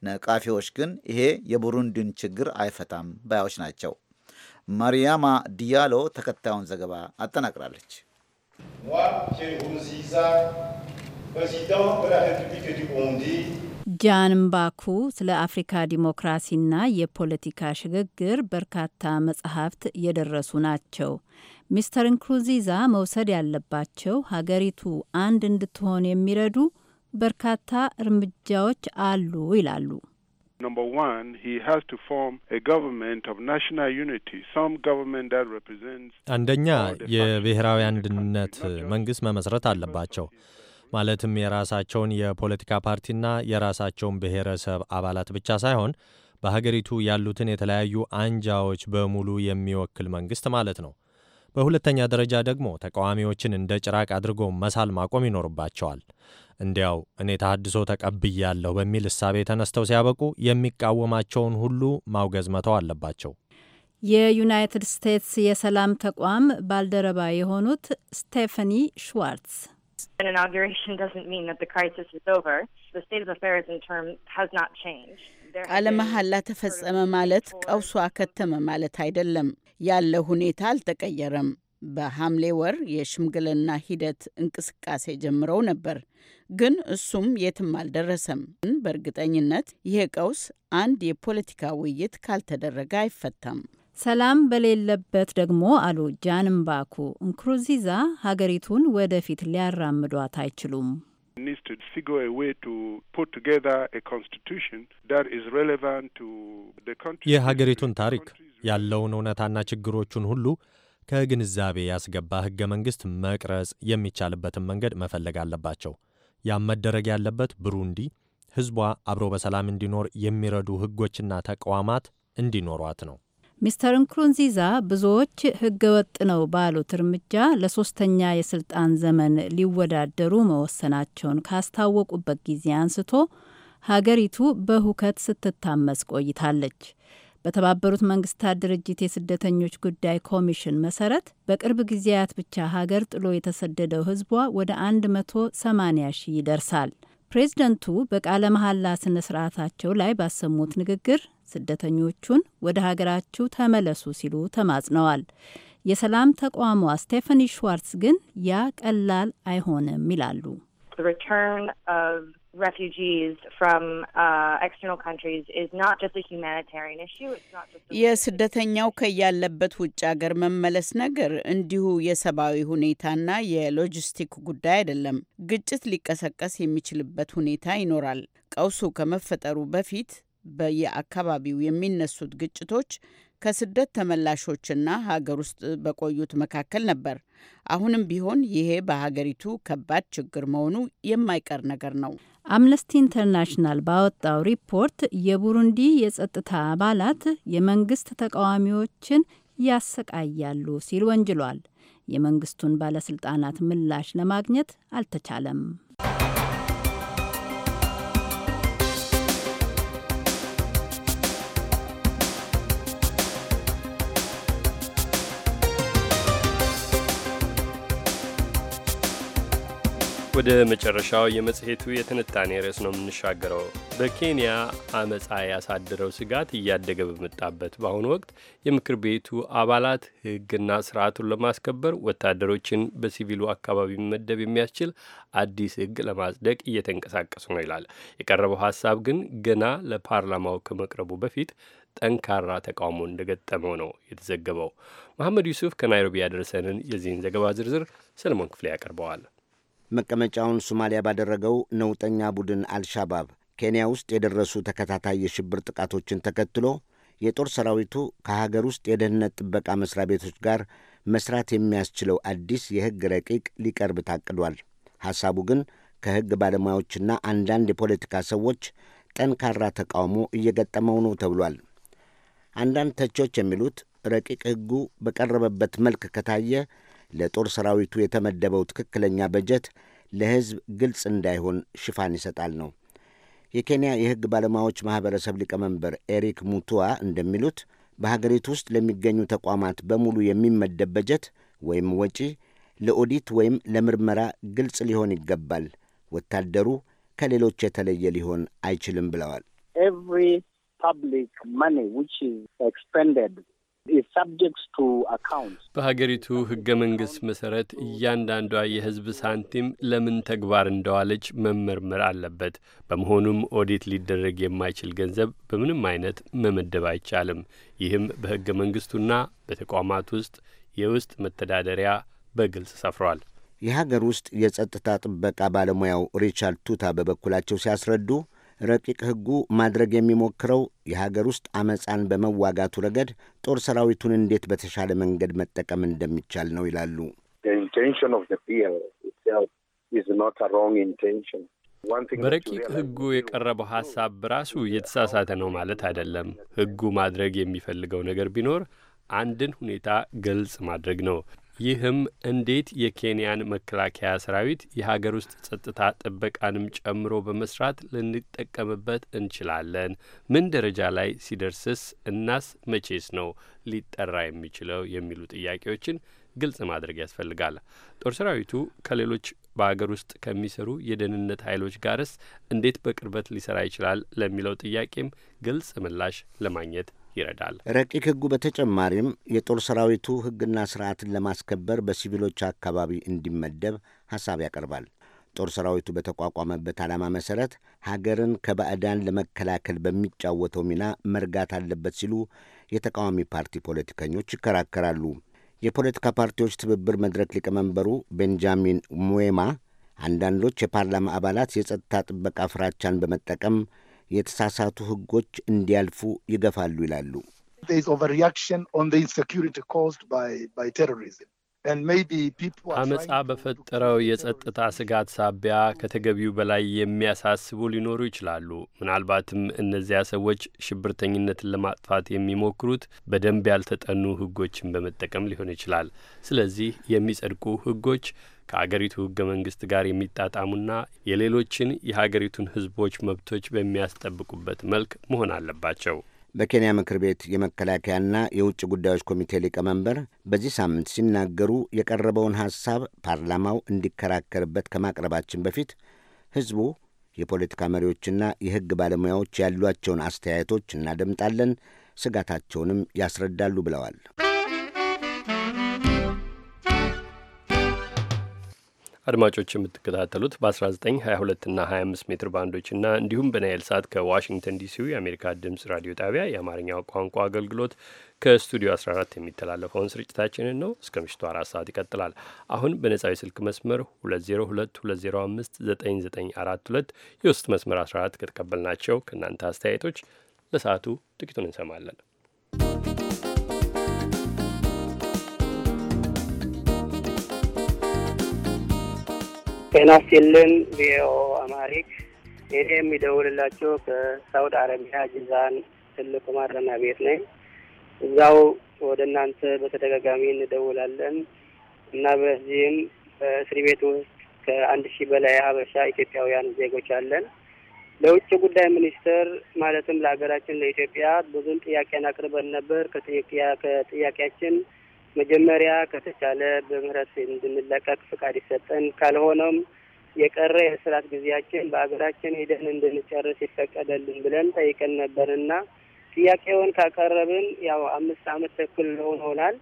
ነቃፊዎች ግን ይሄ የቡሩንዲን ችግር አይፈታም ባዮች ናቸው። ማሪያማ ዲያሎ ተከታዩን ዘገባ አጠናቅራለች። ጃን ስለ አፍሪካ ዲሞክራሲና የፖለቲካ ሽግግር በርካታ መጽሐፍት የደረሱ ናቸው። ሚስተር እንክሩዚዛ መውሰድ ያለባቸው ሀገሪቱ አንድ እንድትሆን የሚረዱ በርካታ እርምጃዎች አሉ ይላሉ። Number one, he has to form a government of national unity, some government that represents አንደኛ የብሔራዊ አንድነት መንግስት መመስረት አለባቸው። ማለትም የራሳቸውን የፖለቲካ ፓርቲና የራሳቸውን ብሔረሰብ አባላት ብቻ ሳይሆን በሀገሪቱ ያሉትን የተለያዩ አንጃዎች በሙሉ የሚወክል መንግስት ማለት ነው። በሁለተኛ ደረጃ ደግሞ ተቃዋሚዎችን እንደ ጭራቅ አድርጎ መሳል ማቆም ይኖርባቸዋል። እንዲያው እኔ ተሃድሶ ተቀብያለሁ በሚል እሳቤ ተነስተው ሲያበቁ የሚቃወማቸውን ሁሉ ማውገዝ መተው አለባቸው። የዩናይትድ ስቴትስ የሰላም ተቋም ባልደረባ የሆኑት ስቴፈኒ ሽዋርትስ ቃለ መሐላ ተፈጸመ ማለት ቀውሱ አከተመ ማለት አይደለም። ያለ ሁኔታ አልተቀየረም። በሐምሌ ወር የሽምግልና ሂደት እንቅስቃሴ ጀምረው ነበር፣ ግን እሱም የትም አልደረሰም። በእርግጠኝነት ይሄ ቀውስ አንድ የፖለቲካ ውይይት ካልተደረገ አይፈታም። ሰላም በሌለበት ደግሞ አሉ ጃንምባኩ እንክሩዚዛ፣ ሀገሪቱን ወደፊት ሊያራምዷት አይችሉም። የሀገሪቱን ታሪክ ያለውን እውነታና ችግሮቹን ሁሉ ከግንዛቤ ያስገባ ሕገ መንግሥት መቅረጽ የሚቻልበትን መንገድ መፈለግ አለባቸው። ያም መደረግ ያለበት ብሩንዲ ሕዝቧ አብሮ በሰላም እንዲኖር የሚረዱ ሕጎችና ተቋማት እንዲኖሯት ነው። ሚስተር ንኩሩንዚዛ ብዙዎች ሕገ ወጥ ነው ባሉት እርምጃ ለሶስተኛ የስልጣን ዘመን ሊወዳደሩ መወሰናቸውን ካስታወቁበት ጊዜ አንስቶ ሀገሪቱ በሁከት ስትታመስ ቆይታለች። በተባበሩት መንግስታት ድርጅት የስደተኞች ጉዳይ ኮሚሽን መሰረት በቅርብ ጊዜያት ብቻ ሀገር ጥሎ የተሰደደው ህዝቧ ወደ 180 ሺህ ይደርሳል። ፕሬዝደንቱ በቃለ መሐላ ስነ ስርዓታቸው ላይ ባሰሙት ንግግር ስደተኞቹን ወደ ሀገራችሁ ተመለሱ ሲሉ ተማጽነዋል። የሰላም ተቋሟ ስቴፈኒ ሽዋርትስ ግን ያ ቀላል አይሆንም ይላሉ። the return of refugees from uh, external countries is not just a humanitarian issue. It's not just የስደተኛው ከያለበት ውጭ ሀገር መመለስ ነገር እንዲሁ የሰብአዊ ሁኔታና የሎጂስቲክ ጉዳይ አይደለም። ግጭት ሊቀሰቀስ የሚችልበት ሁኔታ ይኖራል። ቀውሱ ከመፈጠሩ በፊት በየአካባቢው የሚነሱት ግጭቶች ከስደት ተመላሾችና ሀገር ውስጥ በቆዩት መካከል ነበር። አሁንም ቢሆን ይሄ በሀገሪቱ ከባድ ችግር መሆኑ የማይቀር ነገር ነው። አምነስቲ ኢንተርናሽናል ባወጣው ሪፖርት የቡሩንዲ የጸጥታ አባላት የመንግስት ተቃዋሚዎችን ያሰቃያሉ ሲል ወንጅሏል። የመንግስቱን ባለስልጣናት ምላሽ ለማግኘት አልተቻለም። ወደ መጨረሻው የመጽሔቱ የትንታኔ ርዕስ ነው የምንሻገረው። በኬንያ አመፃ ያሳደረው ስጋት እያደገ በመጣበት በአሁኑ ወቅት የምክር ቤቱ አባላት ሕግና ስርዓቱን ለማስከበር ወታደሮችን በሲቪሉ አካባቢ መደብ የሚያስችል አዲስ ሕግ ለማጽደቅ እየተንቀሳቀሱ ነው ይላል። የቀረበው ሀሳብ ግን ገና ለፓርላማው ከመቅረቡ በፊት ጠንካራ ተቃውሞ እንደገጠመው ነው የተዘገበው። መሐመድ ዩሱፍ ከናይሮቢ ያደረሰንን የዚህን ዘገባ ዝርዝር ሰለሞን ክፍሌ ያቀርበዋል። መቀመጫውን ሶማሊያ ባደረገው ነውጠኛ ቡድን አልሻባብ ኬንያ ውስጥ የደረሱ ተከታታይ የሽብር ጥቃቶችን ተከትሎ የጦር ሰራዊቱ ከሀገር ውስጥ የደህንነት ጥበቃ መስሪያ ቤቶች ጋር መስራት የሚያስችለው አዲስ የሕግ ረቂቅ ሊቀርብ ታቅዷል። ሐሳቡ ግን ከሕግ ባለሙያዎችና አንዳንድ የፖለቲካ ሰዎች ጠንካራ ተቃውሞ እየገጠመው ነው ተብሏል። አንዳንድ ተቾች የሚሉት ረቂቅ ሕጉ በቀረበበት መልክ ከታየ ለጦር ሰራዊቱ የተመደበው ትክክለኛ በጀት ለሕዝብ ግልጽ እንዳይሆን ሽፋን ይሰጣል ነው። የኬንያ የሕግ ባለሙያዎች ማኅበረሰብ ሊቀመንበር ኤሪክ ሙቱዋ እንደሚሉት በሀገሪቱ ውስጥ ለሚገኙ ተቋማት በሙሉ የሚመደብ በጀት ወይም ወጪ ለኦዲት ወይም ለምርመራ ግልጽ ሊሆን ይገባል። ወታደሩ ከሌሎች የተለየ ሊሆን አይችልም ብለዋል። በሀገሪቱ ህገ መንግስት መሰረት እያንዳንዷ የህዝብ ሳንቲም ለምን ተግባር እንደዋለች መመርመር አለበት። በመሆኑም ኦዲት ሊደረግ የማይችል ገንዘብ በምንም አይነት መመደብ አይቻልም። ይህም በህገ መንግስቱና በተቋማት ውስጥ የውስጥ መተዳደሪያ በግልጽ ሰፍሯል። የሀገር ውስጥ የጸጥታ ጥበቃ ባለሙያው ሪቻርድ ቱታ በበኩላቸው ሲያስረዱ ረቂቅ ሕጉ ማድረግ የሚሞክረው የሀገር ውስጥ አመፃን በመዋጋቱ ረገድ ጦር ሰራዊቱን እንዴት በተሻለ መንገድ መጠቀም እንደሚቻል ነው ይላሉ። በረቂቅ ሕጉ የቀረበው ሀሳብ በራሱ የተሳሳተ ነው ማለት አይደለም። ሕጉ ማድረግ የሚፈልገው ነገር ቢኖር አንድን ሁኔታ ግልጽ ማድረግ ነው። ይህም እንዴት የኬንያን መከላከያ ሰራዊት የሀገር ውስጥ ጸጥታ ጥበቃንም ጨምሮ በመስራት ልንጠቀምበት እንችላለን? ምን ደረጃ ላይ ሲደርስስ እናስ መቼስ ነው ሊጠራ የሚችለው? የሚሉ ጥያቄዎችን ግልጽ ማድረግ ያስፈልጋል። ጦር ሰራዊቱ ከሌሎች በሀገር ውስጥ ከሚሰሩ የደህንነት ኃይሎች ጋርስ እንዴት በቅርበት ሊሰራ ይችላል? ለሚለው ጥያቄም ግልጽ ምላሽ ለማግኘት ይረዳል። ረቂቅ ሕጉ በተጨማሪም የጦር ሰራዊቱ ሕግና ስርዓትን ለማስከበር በሲቪሎች አካባቢ እንዲመደብ ሐሳብ ያቀርባል። ጦር ሰራዊቱ በተቋቋመበት ዓላማ መሠረት ሀገርን ከባዕዳን ለመከላከል በሚጫወተው ሚና መርጋት አለበት ሲሉ የተቃዋሚ ፓርቲ ፖለቲከኞች ይከራከራሉ። የፖለቲካ ፓርቲዎች ትብብር መድረክ ሊቀመንበሩ ቤንጃሚን ሙዌማ አንዳንዶች የፓርላማ አባላት የጸጥታ ጥበቃ ፍራቻን በመጠቀም የተሳሳቱ ሕጎች እንዲያልፉ ይገፋሉ ይላሉ። አመፃ በፈጠረው የጸጥታ ስጋት ሳቢያ ከተገቢው በላይ የሚያሳስቡ ሊኖሩ ይችላሉ። ምናልባትም እነዚያ ሰዎች ሽብርተኝነትን ለማጥፋት የሚሞክሩት በደንብ ያልተጠኑ ህጎችን በመጠቀም ሊሆን ይችላል። ስለዚህ የሚጸድቁ ህጎች ከአገሪቱ ህገ መንግስት ጋር የሚጣጣሙና የሌሎችን የሀገሪቱን ህዝቦች መብቶች በሚያስጠብቁበት መልክ መሆን አለባቸው። በኬንያ ምክር ቤት የመከላከያና የውጭ ጉዳዮች ኮሚቴ ሊቀመንበር በዚህ ሳምንት ሲናገሩ የቀረበውን ሐሳብ ፓርላማው እንዲከራከርበት ከማቅረባችን በፊት ህዝቡ፣ የፖለቲካ መሪዎችና የህግ ባለሙያዎች ያሏቸውን አስተያየቶች እናደምጣለን፣ ስጋታቸውንም ያስረዳሉ ብለዋል። አድማጮች የምትከታተሉት በ1922 እና 25 ሜትር ባንዶችና እንዲሁም በናይል ሰዓት ከዋሽንግተን ዲሲው የአሜሪካ ድምፅ ራዲዮ ጣቢያ የአማርኛው ቋንቋ አገልግሎት ከስቱዲዮ 14 የሚተላለፈውን ስርጭታችንን ነው። እስከ ምሽቱ አራት ሰዓት ይቀጥላል። አሁን በነጻዊ ስልክ መስመር 2022059942 የውስጥ መስመር 14 ከተቀበልናቸው ከእናንተ አስተያየቶች ለሰዓቱ ጥቂቱን እንሰማለን። ጤና ይስጥልን ቪኦ አማሪክ። እኔ የሚደውልላቸው ከሳውዲ አረቢያ ጅዛን ትልቁ ማረሚያ ቤት ነኝ። እዛው ወደ እናንተ በተደጋጋሚ እንደውላለን እና በዚህም በእስር ቤት ውስጥ ከአንድ ሺህ በላይ ሀበሻ ኢትዮጵያውያን ዜጎች አለን። ለውጭ ጉዳይ ሚኒስቴር ማለትም ለሀገራችን ለኢትዮጵያ ብዙም ጥያቄን አቅርበን ነበር። ከጥያቄያችን መጀመሪያ ከተቻለ በምህረት እንድንለቀቅ ፍቃድ ይሰጠን፣ ካልሆነም የቀረ የእስራት ጊዜያችን በሀገራችን ሄደን እንድንጨርስ ይፈቀደልን ብለን ጠይቀን ነበርና ጥያቄውን ካቀረብን ያው አምስት ዓመት ተኩል ሆኖናል።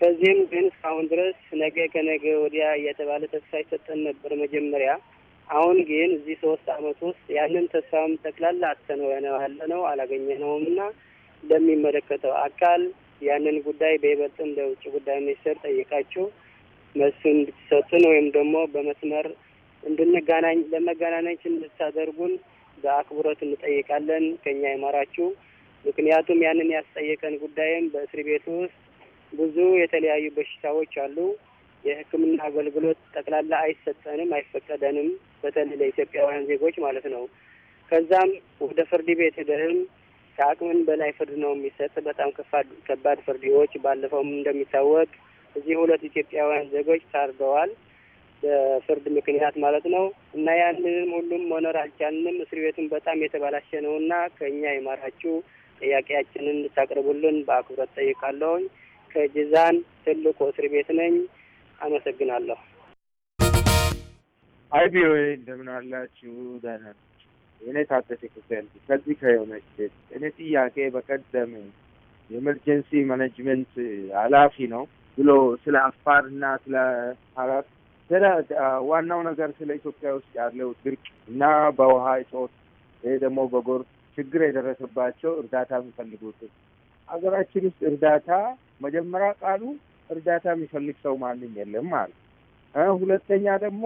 ከዚህም ግን እስካሁን ድረስ ነገ ከነገ ወዲያ እየተባለ ተስፋ ይሰጠን ነበር መጀመሪያ። አሁን ግን እዚህ ሶስት አመት ውስጥ ያንን ተስፋም ጠቅላላ አተነው ያለ ነው አላገኘነውም እና ለሚመለከተው አካል ያንን ጉዳይ እንደ ውጭ ጉዳይ ሚኒስቴር ጠይቃችሁ መልስ እንድትሰጡን ወይም ደግሞ በመስመር እንድንገናኝ ለመገናኘት እንድታደርጉን በአክብሮት እንጠይቃለን። ከኛ ይማራችሁ። ምክንያቱም ያንን ያስጠየቀን ጉዳይም በእስር ቤቱ ውስጥ ብዙ የተለያዩ በሽታዎች አሉ። የሕክምና አገልግሎት ጠቅላላ አይሰጠንም፣ አይፈቀደንም። በተለይ ለኢትዮጵያውያን ዜጎች ማለት ነው። ከዛም ወደ ፍርድ ቤት ሄደህም ከአቅምን በላይ ፍርድ ነው የሚሰጥ። በጣም ከባድ ፍርድዎች ባለፈውም እንደሚታወቅ እዚህ ሁለት ኢትዮጵያውያን ዜጎች ታርደዋል በፍርድ ምክንያት ማለት ነው። እና ያንንም ሁሉም መኖር አልቻልንም። እስር ቤቱን በጣም የተበላሸ ነው እና ከእኛ የማራችሁ ጥያቄያችንን እንድታቅርቡልን በአክብሮት ጠይቃለሁኝ። ከጅዛን ትልቁ እስር ቤት ነኝ። አመሰግናለሁ። አይ ቪኦኤ እንደምን አላችሁ? ደህና እኔ ታደሴ ክፍል ከዚህ ከዮነች ቤት እኔ ጥያቄ በቀደም የኤመርጀንሲ ማኔጅመንት ኃላፊ ነው ብሎ ስለ አፋር አፋርና ስለ አራት ስለ ዋናው ነገር ስለ ኢትዮጵያ ውስጥ ያለው ድርቅ እና በውሃ እጦት ይህ ደግሞ በጎርፍ ችግር የደረሰባቸው እርዳታ የሚፈልጉት ሀገራችን ውስጥ እርዳታ መጀመሪያ ቃሉ እርዳታ የሚፈልግ ሰው ማንም የለም አለ። ሁለተኛ ደግሞ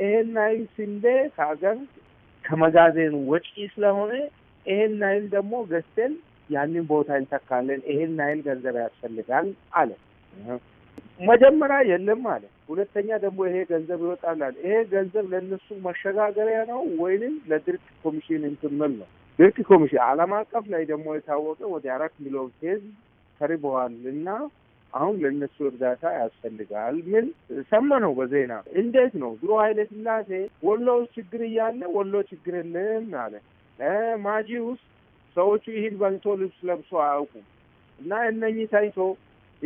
ይሄን አይል ስንዴ ከሀገር ከመጋዘን ወጪ ስለሆነ ይሄን ናይል ደግሞ ገዝተን ያንን ቦታ እንተካለን፣ ይሄን ናይል ገንዘብ ያስፈልጋል አለ። መጀመሪያ የለም አለ። ሁለተኛ ደግሞ ይሄ ገንዘብ ይወጣላል። ይሄ ገንዘብ ለእነሱ መሸጋገሪያ ነው ወይንም ለድርቅ ኮሚሽን እንትምል ነው። ድርቅ ኮሚሽን ዓለም አቀፍ ላይ ደግሞ የታወቀ ወደ አራት ሚሊዮን ሕዝብ ተርበዋል እና አሁን ለእነሱ እርዳታ ያስፈልጋል ምን ሰማ ነው በዜና። እንዴት ነው ድሮ ኃይለ ስላሴ ወሎ ችግር እያለ ወሎ ችግር የለም አለ። ማጂ ውስጥ ሰዎቹ ይህን በልቶ ልብስ ለብሶ አያውቁም እና እነኚህ ታይቶ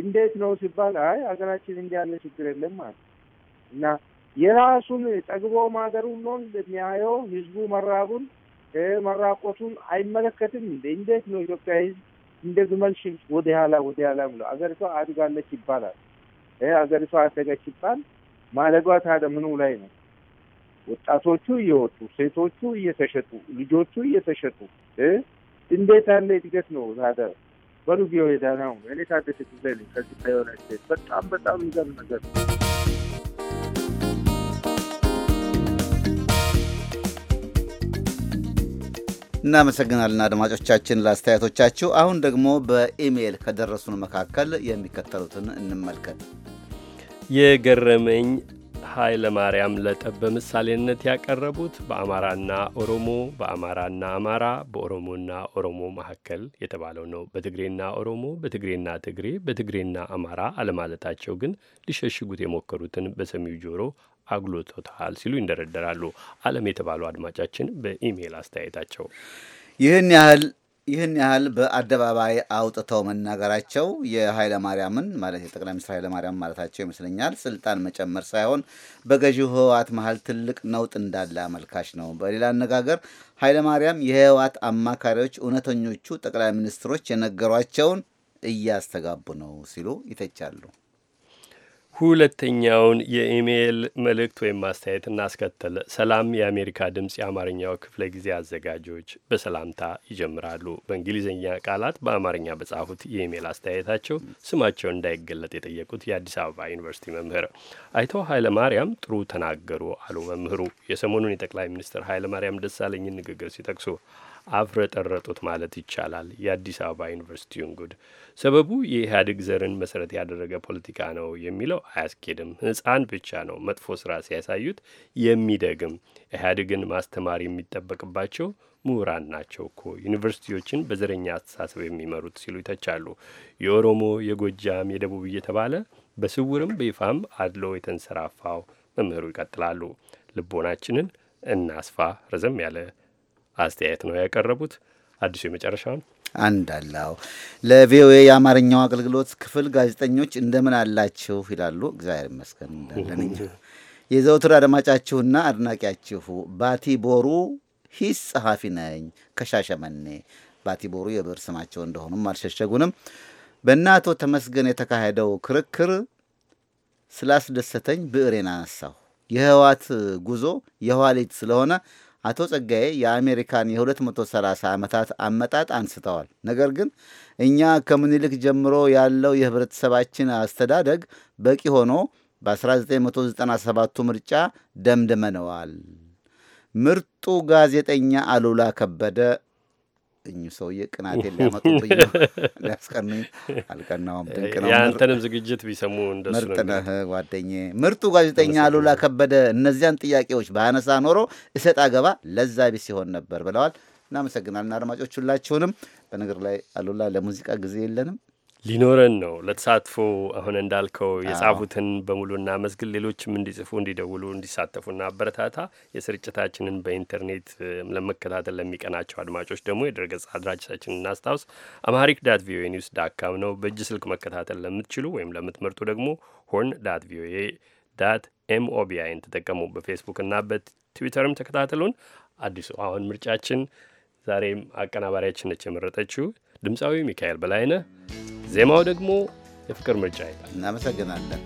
እንዴት ነው ሲባል አይ ሀገራችን እንዲህ ያለ ችግር የለም አለ እና የራሱን ጠግቦ ማገሩን ነው የሚያየው። ህዝቡ መራቡን መራቆቱን አይመለከትም። እንዴ እንዴት ነው ኢትዮጵያ ህዝብ እንደ እንደዚህ መልሽ ወደ ኋላ ወደ ኋላ ብሎ አገሪቷ አድጋለች ይባላል። ይህ አገሪቷ አደገች ይባል ማለጓ ታዲያ ምኑ ላይ ነው? ወጣቶቹ እየወጡ ሴቶቹ እየተሸጡ ልጆቹ እየተሸጡ እንዴት ያለ እድገት ነው ታዲያ? በሉ ጊዜ ሄዳ ነው እኔ ታደሰ ጊዜ ከዚህ ከሆነ በጣም በጣም ይገርም ነገር ነው። እናመሰግናለን አድማጮቻችን ለአስተያየቶቻችሁ። አሁን ደግሞ በኢሜይል ከደረሱን መካከል የሚከተሉትን እንመልከት። የገረመኝ ኃይለ ማርያም ለጠብ በምሳሌነት ያቀረቡት በአማራና ኦሮሞ በአማራና አማራ በኦሮሞና ኦሮሞ መካከል የተባለው ነው። በትግሬና ኦሮሞ፣ በትግሬና ትግሬ፣ በትግሬና አማራ አለማለታቸው ግን ሊሸሽጉት የሞከሩትን በሰሚው ጆሮ አጉልቶታል ሲሉ ይንደረደራሉ። አለም የተባሉ አድማጫችን በኢሜይል አስተያየታቸው ይህን ያህል ይህን ያህል በአደባባይ አውጥተው መናገራቸው ማርያምን ማለት የጠቅላይ ሚኒስትር ኃይለማርያም ማለታቸው ይመስለኛል ስልጣን መጨመር ሳይሆን በገዢው ህወሓት መሀል ትልቅ ነውጥ እንዳለ አመልካች ነው። በሌላ አነጋገር ማርያም የህወሓት አማካሪዎች እውነተኞቹ ጠቅላይ ሚኒስትሮች የነገሯቸውን እያስተጋቡ ነው ሲሉ ይተቻሉ። ሁለተኛውን የኢሜይል መልእክት ወይም ማስተያየት እናስከተል። ሰላም የአሜሪካ ድምፅ የአማርኛው ክፍለ ጊዜ አዘጋጆች በሰላምታ ይጀምራሉ። በእንግሊዝኛ ቃላት በአማርኛ በጻፉት የኢሜይል አስተያየታቸው ስማቸው እንዳይገለጥ የጠየቁት የአዲስ አበባ ዩኒቨርሲቲ መምህር አይተው ኃይለ ማርያም ጥሩ ተናገሩ አሉ መምህሩ የሰሞኑን የጠቅላይ ሚኒስትር ኃይለ ማርያም ደሳለኝን ንግግር ሲጠቅሱ አፍረጠረጡት ማለት ይቻላል የአዲስ አበባ ዩኒቨርሲቲውን ጉድ። ሰበቡ የኢህአዴግ ዘርን መሰረት ያደረገ ፖለቲካ ነው የሚለው አያስኬድም። ህፃን ብቻ ነው መጥፎ ስራ ሲያሳዩት የሚደግም። ኢህአዴግን ማስተማር የሚጠበቅባቸው ምሁራን ናቸው እኮ ዩኒቨርሲቲዎችን በዘረኛ አስተሳሰብ የሚመሩት ሲሉ ይተቻሉ። የኦሮሞ የጎጃም፣ የደቡብ እየተባለ በስውርም በይፋም አድሎ የተንሰራፋው መምህሩ ይቀጥላሉ። ልቦናችንን እናስፋ። ረዘም ያለ አስተያየት ነው ያቀረቡት። አዲሱ የመጨረሻውን አንድ ለቪኦኤ የአማርኛው አገልግሎት ክፍል ጋዜጠኞች እንደምን አላችሁ ይላሉ። እግዚአብሔር ይመስገን እንዳለን የዘውትር አድማጫችሁና አድናቂያችሁ ባቲ ቦሩ ሂስ ጸሐፊ ነኝ ከሻሸመኔ። ባቲ ቦሩ የብዕር ስማቸው እንደሆኑም አልሸሸጉንም። በእነ አቶ ተመስገን የተካሄደው ክርክር ስላስደሰተኝ ብዕሬን አነሳሁ። የህዋት ጉዞ የኋሊት ስለሆነ አቶ ጸጋዬ የአሜሪካን የ230 ዓመታት አመጣጥ አንስተዋል። ነገር ግን እኛ ከምኒልክ ጀምሮ ያለው የህብረተሰባችን አስተዳደግ በቂ ሆኖ በ1997ቱ ምርጫ ደምድመነዋል። ምርጡ ጋዜጠኛ አሉላ ከበደ እኙ ሰውዬ ቅናቴን ሊያመጡብኝ ሊያስቀኑኝ አልቀናውም። ድንቅ ነው። የአንተንም ዝግጅት ቢሰሙ እንደሱ ምርጥ ነህ ጓደኛዬ፣ ምርጡ ጋዜጠኛ አሉላ ከበደ እነዚያን ጥያቄዎች በአነሳ ኖሮ እሰጥ አገባ ለዛ ቢስ ሲሆን ነበር ብለዋል። እናመሰግናልና አድማጮች ሁላችሁንም። በነገር ላይ አሉላ ለሙዚቃ ጊዜ የለንም ሊኖረን ነው ለተሳትፎ አሁን እንዳልከው የጻፉትን በሙሉ እናመስግን። ሌሎችም እንዲጽፉ፣ እንዲደውሉ፣ እንዲሳተፉ ና አበረታታ። የስርጭታችንን በኢንተርኔት ለመከታተል ለሚቀናቸው አድማጮች ደግሞ የድረገጽ አድራጅታችን እናስታውስ። አማሪክ ዳት ቪኦኤ ኒውስ ዳት ካም ነው። በእጅ ስልክ መከታተል ለምትችሉ ወይም ለምትመርጡ ደግሞ ሆርን ዳት ቪኦኤ ዳት ኤምኦቢአይን ተጠቀሙ። በፌስቡክ እና በትዊተርም ተከታተሉን። አዲሱ አሁን ምርጫችን ዛሬም አቀናባሪያችን ነች የመረጠችው ድምፃዊ ሚካኤል በላይነህ፣ ዜማው ደግሞ የፍቅር ምርጫ ይላል። እናመሰግናለን።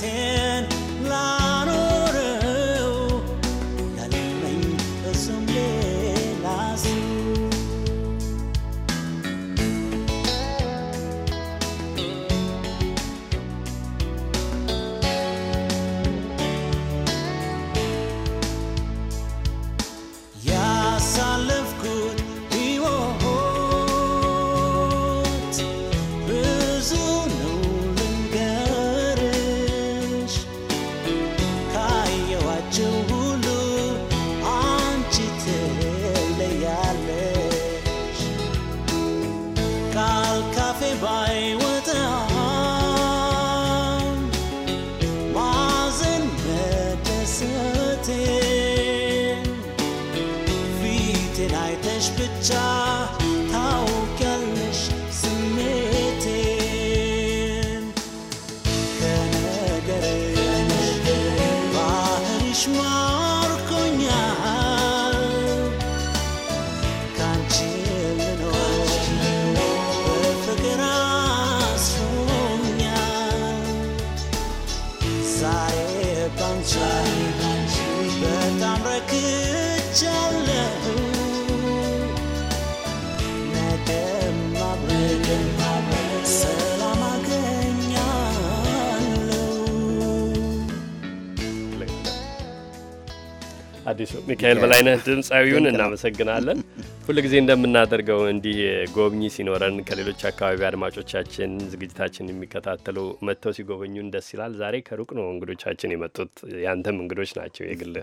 pretend catch አዲሱ ሚካኤል በላይነህ ድምፃዊውን እናመሰግናለን። ሁልጊዜ እንደምናደርገው እንዲህ ጎብኚ ሲኖረን ከሌሎች አካባቢ አድማጮቻችን ዝግጅታችን የሚከታተሉ መጥተው ሲጎበኙን ደስ ይላል። ዛሬ ከሩቅ ነው እንግዶቻችን የመጡት። ያንተም እንግዶች ናቸው የግል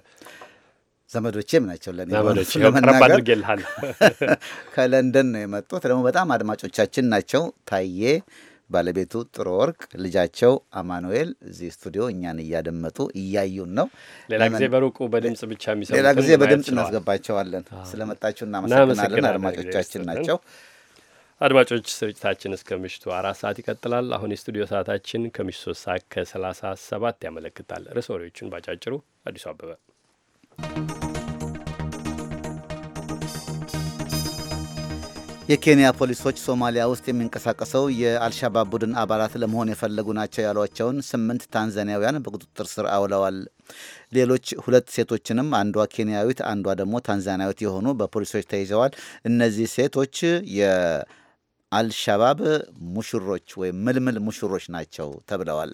ዘመዶቼም ናቸው። ለመናገር ከለንደን ነው የመጡት። ደግሞ በጣም አድማጮቻችን ናቸው። ታዬ ባለቤቱ ጥሩ ወርቅ፣ ልጃቸው አማኑኤል እዚህ ስቱዲዮ እኛን እያደመጡ እያዩን ነው። ሌላ ጊዜ በሩቁ በድምጽ ብቻ የሚሰሙ ሌላ ጊዜ በድምጽ እናስገባቸዋለን። ስለመጣችሁ እናመሰግናለን። አድማጮቻችን ናቸው። አድማጮች ስርጭታችን እስከ ምሽቱ አራት ሰዓት ይቀጥላል። አሁን የስቱዲዮ ሰዓታችን ከምሽቱ ሶስት ሰዓት ከሰላሳ ሰባት ያመለክታል። ርዕሰ ወሬዎቹን ባጫጭሩ አዲሱ አበበ የኬንያ ፖሊሶች ሶማሊያ ውስጥ የሚንቀሳቀሰው የአልሻባብ ቡድን አባላት ለመሆን የፈለጉ ናቸው ያሏቸውን ስምንት ታንዛኒያውያን በቁጥጥር ስር አውለዋል። ሌሎች ሁለት ሴቶችንም አንዷ ኬንያዊት፣ አንዷ ደግሞ ታንዛኒያዊት የሆኑ በፖሊሶች ተይዘዋል። እነዚህ ሴቶች የአልሻባብ ሙሽሮች ወይም ምልምል ሙሽሮች ናቸው ተብለዋል።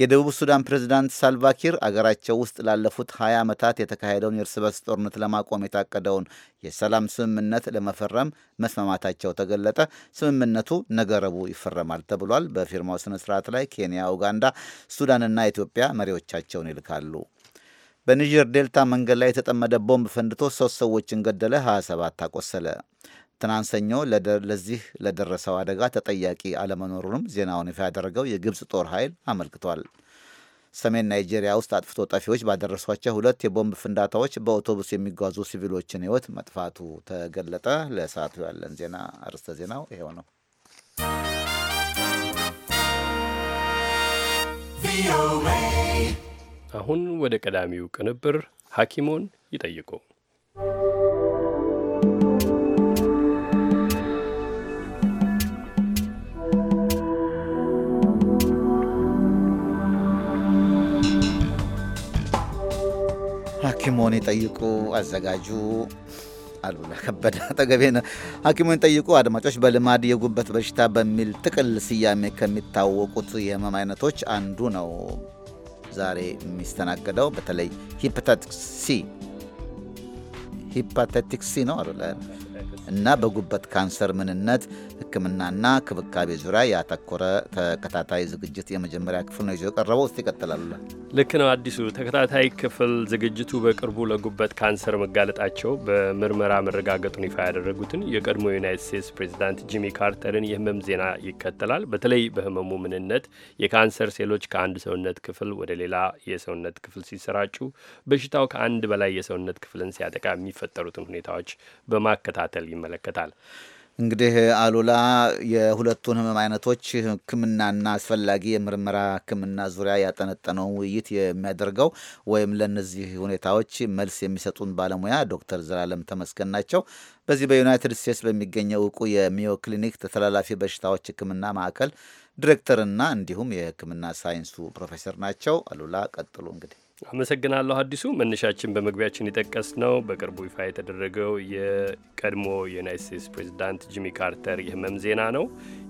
የደቡብ ሱዳን ፕሬዝዳንት ሳልቫኪር አገራቸው ውስጥ ላለፉት 20 ዓመታት የተካሄደውን የእርስ በርስ ጦርነት ለማቆም የታቀደውን የሰላም ስምምነት ለመፈረም መስማማታቸው ተገለጠ። ስምምነቱ ነገ ረቡዕ ይፈረማል ተብሏል። በፊርማው ስነ ስርዓት ላይ ኬንያ፣ ኡጋንዳ፣ ሱዳንና ኢትዮጵያ መሪዎቻቸውን ይልካሉ። በኒጀር ዴልታ መንገድ ላይ የተጠመደ ቦምብ ፈንድቶ ሶስት ሰዎችን ገደለ፣ 27 አቆሰለ። ትናንት ሰኞ ለዚህ ለደረሰው አደጋ ተጠያቂ አለመኖሩንም ዜናውን ይፋ ያደረገው የግብፅ ጦር ኃይል አመልክቷል። ሰሜን ናይጄሪያ ውስጥ አጥፍቶ ጠፊዎች ባደረሷቸው ሁለት የቦምብ ፍንዳታዎች በአውቶቡስ የሚጓዙ ሲቪሎችን ሕይወት መጥፋቱ ተገለጠ። ለሰዓቱ ያለን ዜና አርዕስተ ዜናው ይሄው ነው። አሁን ወደ ቀዳሚው ቅንብር ሐኪሞን ይጠይቁ ሐኪሞን ይጠይቁ አዘጋጁ አሉላ ከበደ አጠገቤ ነው። ሐኪሙን ይጠይቁ አድማጮች በልማድ የጉበት በሽታ በሚል ጥቅል ስያሜ ከሚታወቁት የህመም አይነቶች አንዱ ነው። ዛሬ የሚስተናገደው በተለይ ሂፓታቲክስ ሲ ሂፓታቲክስ ሲ ነው አሉላ እና በጉበት ካንሰር ምንነት ሕክምናና ክብካቤ ዙሪያ ያተኮረ ተከታታይ ዝግጅት የመጀመሪያ ክፍል ነው ይዞ የቀረበው። ውስጥ ይቀጥላሉ። ልክ ነው አዲሱ ተከታታይ ክፍል ዝግጅቱ በቅርቡ ለጉበት ካንሰር መጋለጣቸው በምርመራ መረጋገጡን ይፋ ያደረጉትን የቀድሞ ዩናይት ስቴትስ ፕሬዚዳንት ጂሚ ካርተርን የህመም ዜና ይከተላል። በተለይ በህመሙ ምንነት፣ የካንሰር ሴሎች ከአንድ ሰውነት ክፍል ወደ ሌላ የሰውነት ክፍል ሲሰራጩ፣ በሽታው ከአንድ በላይ የሰውነት ክፍልን ሲያጠቃ የሚፈጠሩትን ሁኔታዎች በማከታተል ይመለከታል። እንግዲህ አሉላ የሁለቱን ህመም አይነቶች ህክምናና አስፈላጊ የምርመራ ህክምና ዙሪያ ያጠነጠነውን ውይይት የሚያደርገው ወይም ለእነዚህ ሁኔታዎች መልስ የሚሰጡን ባለሙያ ዶክተር ዘላለም ተመስገን ናቸው። በዚህ በዩናይትድ ስቴትስ በሚገኘው እውቁ የሚዮ ክሊኒክ ተተላላፊ በሽታዎች ህክምና ማዕከል ዲሬክተርና እንዲሁም የህክምና ሳይንሱ ፕሮፌሰር ናቸው። አሉላ ቀጥሉ እንግዲህ አመሰግናለሁ አዲሱ። መነሻችን በመግቢያችን የጠቀስ ነው በቅርቡ ይፋ የተደረገው የቀድሞ የዩናይት ስቴትስ ፕሬዚዳንት ጂሚ ካርተር የህመም ዜና ነው።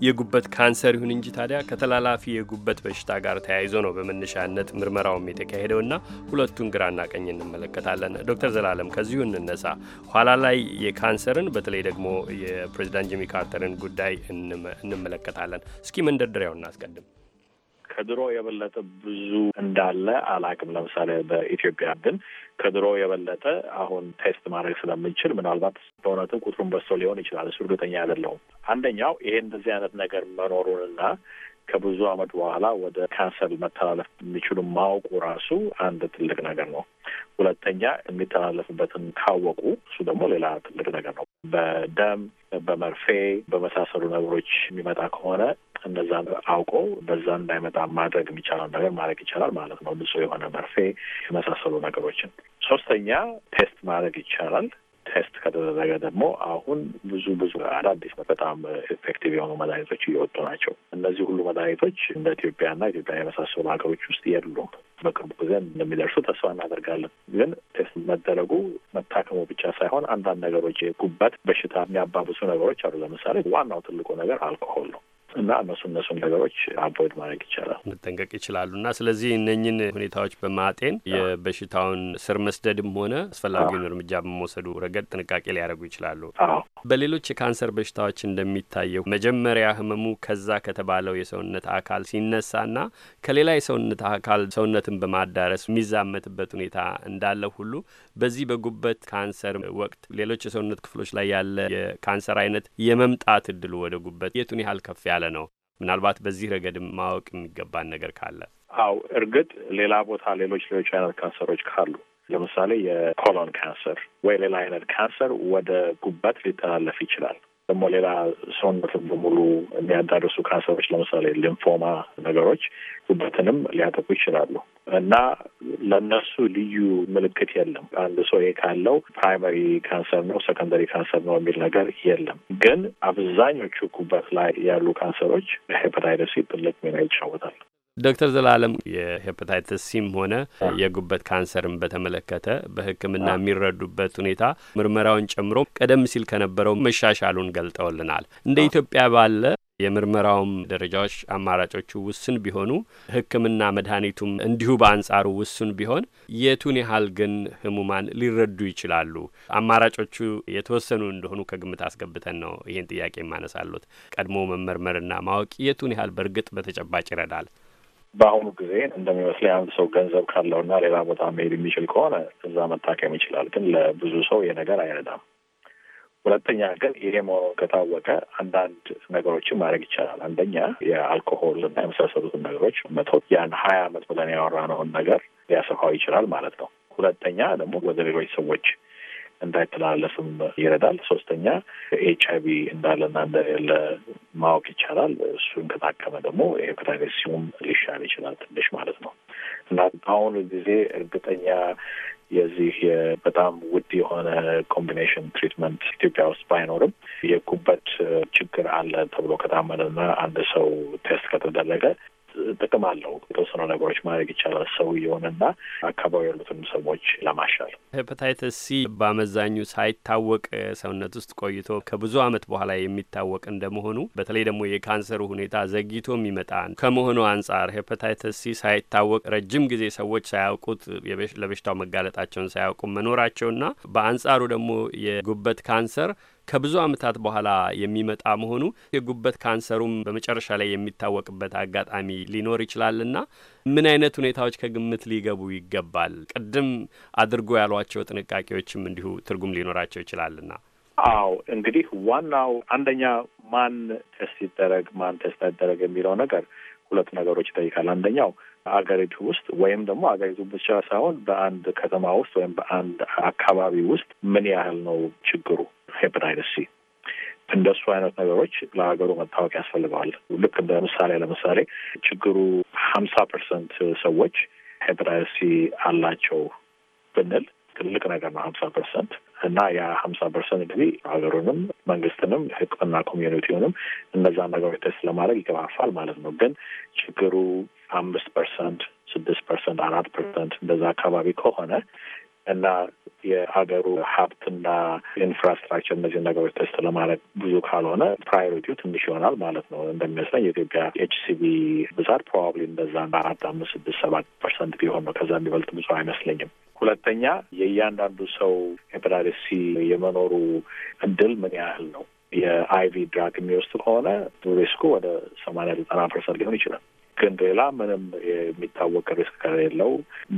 የጉበት ካንሰር ይሁን እንጂ ታዲያ ከተላላፊ የጉበት በሽታ ጋር ተያይዞ ነው በመነሻነት ምርመራውም የተካሄደውና ሁለቱን ግራና ቀኝ እንመለከታለን። ዶክተር ዘላለም ከዚሁ እንነሳ። ኋላ ላይ የካንሰርን በተለይ ደግሞ የፕሬዚዳንት ጂሚ ካርተርን ጉዳይ እንመለከታለን። እስኪ መንደርደሪያውን እናስቀድም። ከድሮ የበለጠ ብዙ እንዳለ አላቅም። ለምሳሌ በኢትዮጵያ ግን ከድሮ የበለጠ አሁን ቴስት ማድረግ ስለምንችል ምናልባት በእውነትም ቁጥሩን በሶ ሊሆን ይችላል። እሱ እርግጠኛ አይደለሁም። አንደኛው ይሄ እንደዚህ አይነት ነገር መኖሩንና ከብዙ ዓመት በኋላ ወደ ካንሰር መተላለፍ የሚችሉ ማወቁ ራሱ አንድ ትልቅ ነገር ነው። ሁለተኛ የሚተላለፍበትን ካወቁ እሱ ደግሞ ሌላ ትልቅ ነገር ነው። በደም በመርፌ በመሳሰሉ ነገሮች የሚመጣ ከሆነ እነዛን አውቆ በዛ እንዳይመጣ ማድረግ የሚቻለውን ነገር ማድረግ ይቻላል ማለት ነው። ንጹህ የሆነ መርፌ የመሳሰሉ ነገሮችን። ሶስተኛ ቴስት ማድረግ ይቻላል። ቴስት ከተደረገ ደግሞ አሁን ብዙ ብዙ አዳዲስ በጣም ኤፌክቲቭ የሆኑ መድኃኒቶች እየወጡ ናቸው። እነዚህ ሁሉ መድኃኒቶች እንደ ኢትዮጵያና ኢትዮጵያ የመሳሰሉ ሀገሮች ውስጥ የሉም። በቅርቡ ጊዜ እንደሚደርሱ ተስፋ እናደርጋለን። ግን ቴስት መደረጉ መታከሙ ብቻ ሳይሆን አንዳንድ ነገሮች ጉበት በሽታ የሚያባብሱ ነገሮች አሉ። ለምሳሌ ዋናው ትልቁ ነገር አልኮሆል ነው። እና እነሱ እነሱን ነገሮች አቮይድ ማድረግ ይቻላል፣ መጠንቀቅ ይችላሉ። እና ስለዚህ እነኝን ሁኔታዎች በማጤን የበሽታውን ስር መስደድም ሆነ አስፈላጊውን እርምጃ በመውሰዱ ረገድ ጥንቃቄ ሊያደርጉ ይችላሉ። በሌሎች የካንሰር በሽታዎች እንደሚታየው መጀመሪያ ህመሙ ከዛ ከተባለው የሰውነት አካል ሲነሳና ከሌላ የሰውነት አካል ሰውነትን በማዳረስ የሚዛመትበት ሁኔታ እንዳለ ሁሉ በዚህ በጉበት ካንሰር ወቅት ሌሎች የሰውነት ክፍሎች ላይ ያለ የካንሰር አይነት የመምጣት እድሉ ወደ ጉበት የቱን ያህል ከፍ ያለ ያለ ነው። ምናልባት በዚህ ረገድም ማወቅ የሚገባን ነገር ካለ። አው እርግጥ ሌላ ቦታ ሌሎች ሌሎች አይነት ካንሰሮች ካሉ ለምሳሌ የኮሎን ካንሰር ወይ ሌላ አይነት ካንሰር ወደ ጉበት ሊተላለፍ ይችላል። ደግሞ ሌላ ሰውነትን በሙሉ የሚያዳርሱ ካንሰሮች ለምሳሌ ሊንፎማ ነገሮች ጉበትንም ሊያጠቁ ይችላሉ እና ለእነሱ ልዩ ምልክት የለም። አንድ ሰው ይሄ ካለው ፕራይመሪ ካንሰር ነው፣ ሰከንደሪ ካንሰር ነው የሚል ነገር የለም። ግን አብዛኞቹ ጉበት ላይ ያሉ ካንሰሮች ሄፐታይተስ ትልቅ ሚና ይጫወታል። ዶክተር ዘላለም የሄፓታይተስ ሲም ሆነ የጉበት ካንሰርን በተመለከተ በሕክምና የሚረዱበት ሁኔታ ምርመራውን ጨምሮ ቀደም ሲል ከነበረው መሻሻሉን ገልጠውልናል። እንደ ኢትዮጵያ ባለ የምርመራውም ደረጃዎች አማራጮቹ ውስን ቢሆኑ ሕክምና መድኃኒቱም እንዲሁ በአንጻሩ ውሱን ቢሆን የቱን ያህል ግን ህሙማን ሊረዱ ይችላሉ? አማራጮቹ የተወሰኑ እንደሆኑ ከግምት አስገብተን ነው ይህን ጥያቄ የማነሳሉት። ቀድሞ መመርመርና ማወቅ የቱን ያህል በእርግጥ በተጨባጭ ይረዳል? በአሁኑ ጊዜ እንደሚመስለኝ አንድ ሰው ገንዘብ ካለውና ሌላ ቦታ መሄድ የሚችል ከሆነ እዛ መታከም ይችላል። ግን ለብዙ ሰው ይሄ ነገር አይረዳም። ሁለተኛ ግን ይሄ መሆኑን ከታወቀ አንዳንድ ነገሮችን ማድረግ ይቻላል። አንደኛ የአልኮሆል እና የመሳሰሉትን ነገሮች መቶ ያን ሀያ አመት ብለን ያወራነውን ነገር ሊያሰፋው ይችላል ማለት ነው። ሁለተኛ ደግሞ ወደ ሌሎች ሰዎች እንዳይተላለፍም ይረዳል። ሶስተኛ ኤች አይቪ እንዳለና እንደሌለ ማወቅ ይቻላል። እሱን ከታከመ ደግሞ ሄፓታይተስ ሲሁም ሊሻል ይችላል ትንሽ ማለት ነው እና በአሁኑ ጊዜ እርግጠኛ የዚህ በጣም ውድ የሆነ ኮምቢኔሽን ትሪትመንት ኢትዮጵያ ውስጥ ባይኖርም የጉበት ችግር አለ ተብሎ ከታመነና አንድ ሰው ቴስት ከተደረገ ጥቅም አለው። የተወሰኑ ነገሮች ማድረግ ይቻላል። ሰው የሆነና አካባቢ ያሉትን ሰዎች ለማሻል ሄፓታይተስ ሲ በአመዛኙ ሳይታወቅ ሰውነት ውስጥ ቆይቶ ከብዙ ዓመት በኋላ የሚታወቅ እንደመሆኑ በተለይ ደግሞ የካንሰሩ ሁኔታ ዘግይቶ የሚመጣ ከመሆኑ አንጻር ሄፓታይተስ ሲ ሳይታወቅ ረጅም ጊዜ ሰዎች ሳያውቁት ለበሽታው መጋለጣቸውን ሳያውቁ መኖራቸውና በአንጻሩ ደግሞ የጉበት ካንሰር ከብዙ ዓመታት በኋላ የሚመጣ መሆኑ የጉበት ካንሰሩም በመጨረሻ ላይ የሚታወቅበት አጋጣሚ ሊኖር ይችላልና ምን አይነት ሁኔታዎች ከግምት ሊገቡ ይገባል? ቅድም አድርጎ ያሏቸው ጥንቃቄዎችም እንዲሁ ትርጉም ሊኖራቸው ይችላልና። አዎ እንግዲህ ዋናው አንደኛ ማን ቴስት ይደረግ ማን ቴስት አይደረግ የሚለው ነገር ሁለት ነገሮች ይጠይቃል። አንደኛው አገሪቱ ውስጥ ወይም ደግሞ አገሪቱ ብቻ ሳይሆን በአንድ ከተማ ውስጥ ወይም በአንድ አካባቢ ውስጥ ምን ያህል ነው ችግሩ ሄፐታይተስ ሲ እንደሱ አይነት ነገሮች ለሀገሩ መታወቅ ያስፈልገዋል። ልክ እንደ ምሳሌ ለምሳሌ ችግሩ ሀምሳ ፐርሰንት ሰዎች ሄፐታይተስ ሲ አላቸው ብንል ትልቅ ነገር ነው። ሀምሳ ፐርሰንት እና ያ ሀምሳ ፐርሰንት እንግዲህ ሀገሩንም መንግስትንም ሕክምና ኮሚዩኒቲውንም እነዛ ነገሮች ቴስት ለማድረግ ይገፋፋል ማለት ነው። ግን ችግሩ አምስት ፐርሰንት ስድስት ፐርሰንት አራት ፐርሰንት እንደዛ አካባቢ ከሆነ እና የሀገሩ ሀብትና ኢንፍራስትራክቸር እነዚህ ነገሮች ተስት ለማድረግ ብዙ ካልሆነ ፕራዮሪቲው ትንሽ ይሆናል ማለት ነው። እንደሚመስለኝ የኢትዮጵያ ኤችሲቢ ብዛት ፕሮባብሊ እንደዛ አራት አምስት ስድስት ሰባት ፐርሰንት ቢሆን ነው። ከዛ የሚበልጥ ብዙ አይመስለኝም። ሁለተኛ የእያንዳንዱ ሰው ሄፓታይተስ ሲ የመኖሩ እድል ምን ያህል ነው? የአይቪ ድራግ የሚወስድ ከሆነ ሪስኩ ወደ ሰማንያ ዘጠና ፐርሰንት ሊሆን ይችላል። ግን ሌላ ምንም የሚታወቅ ሪስክ ከሌለው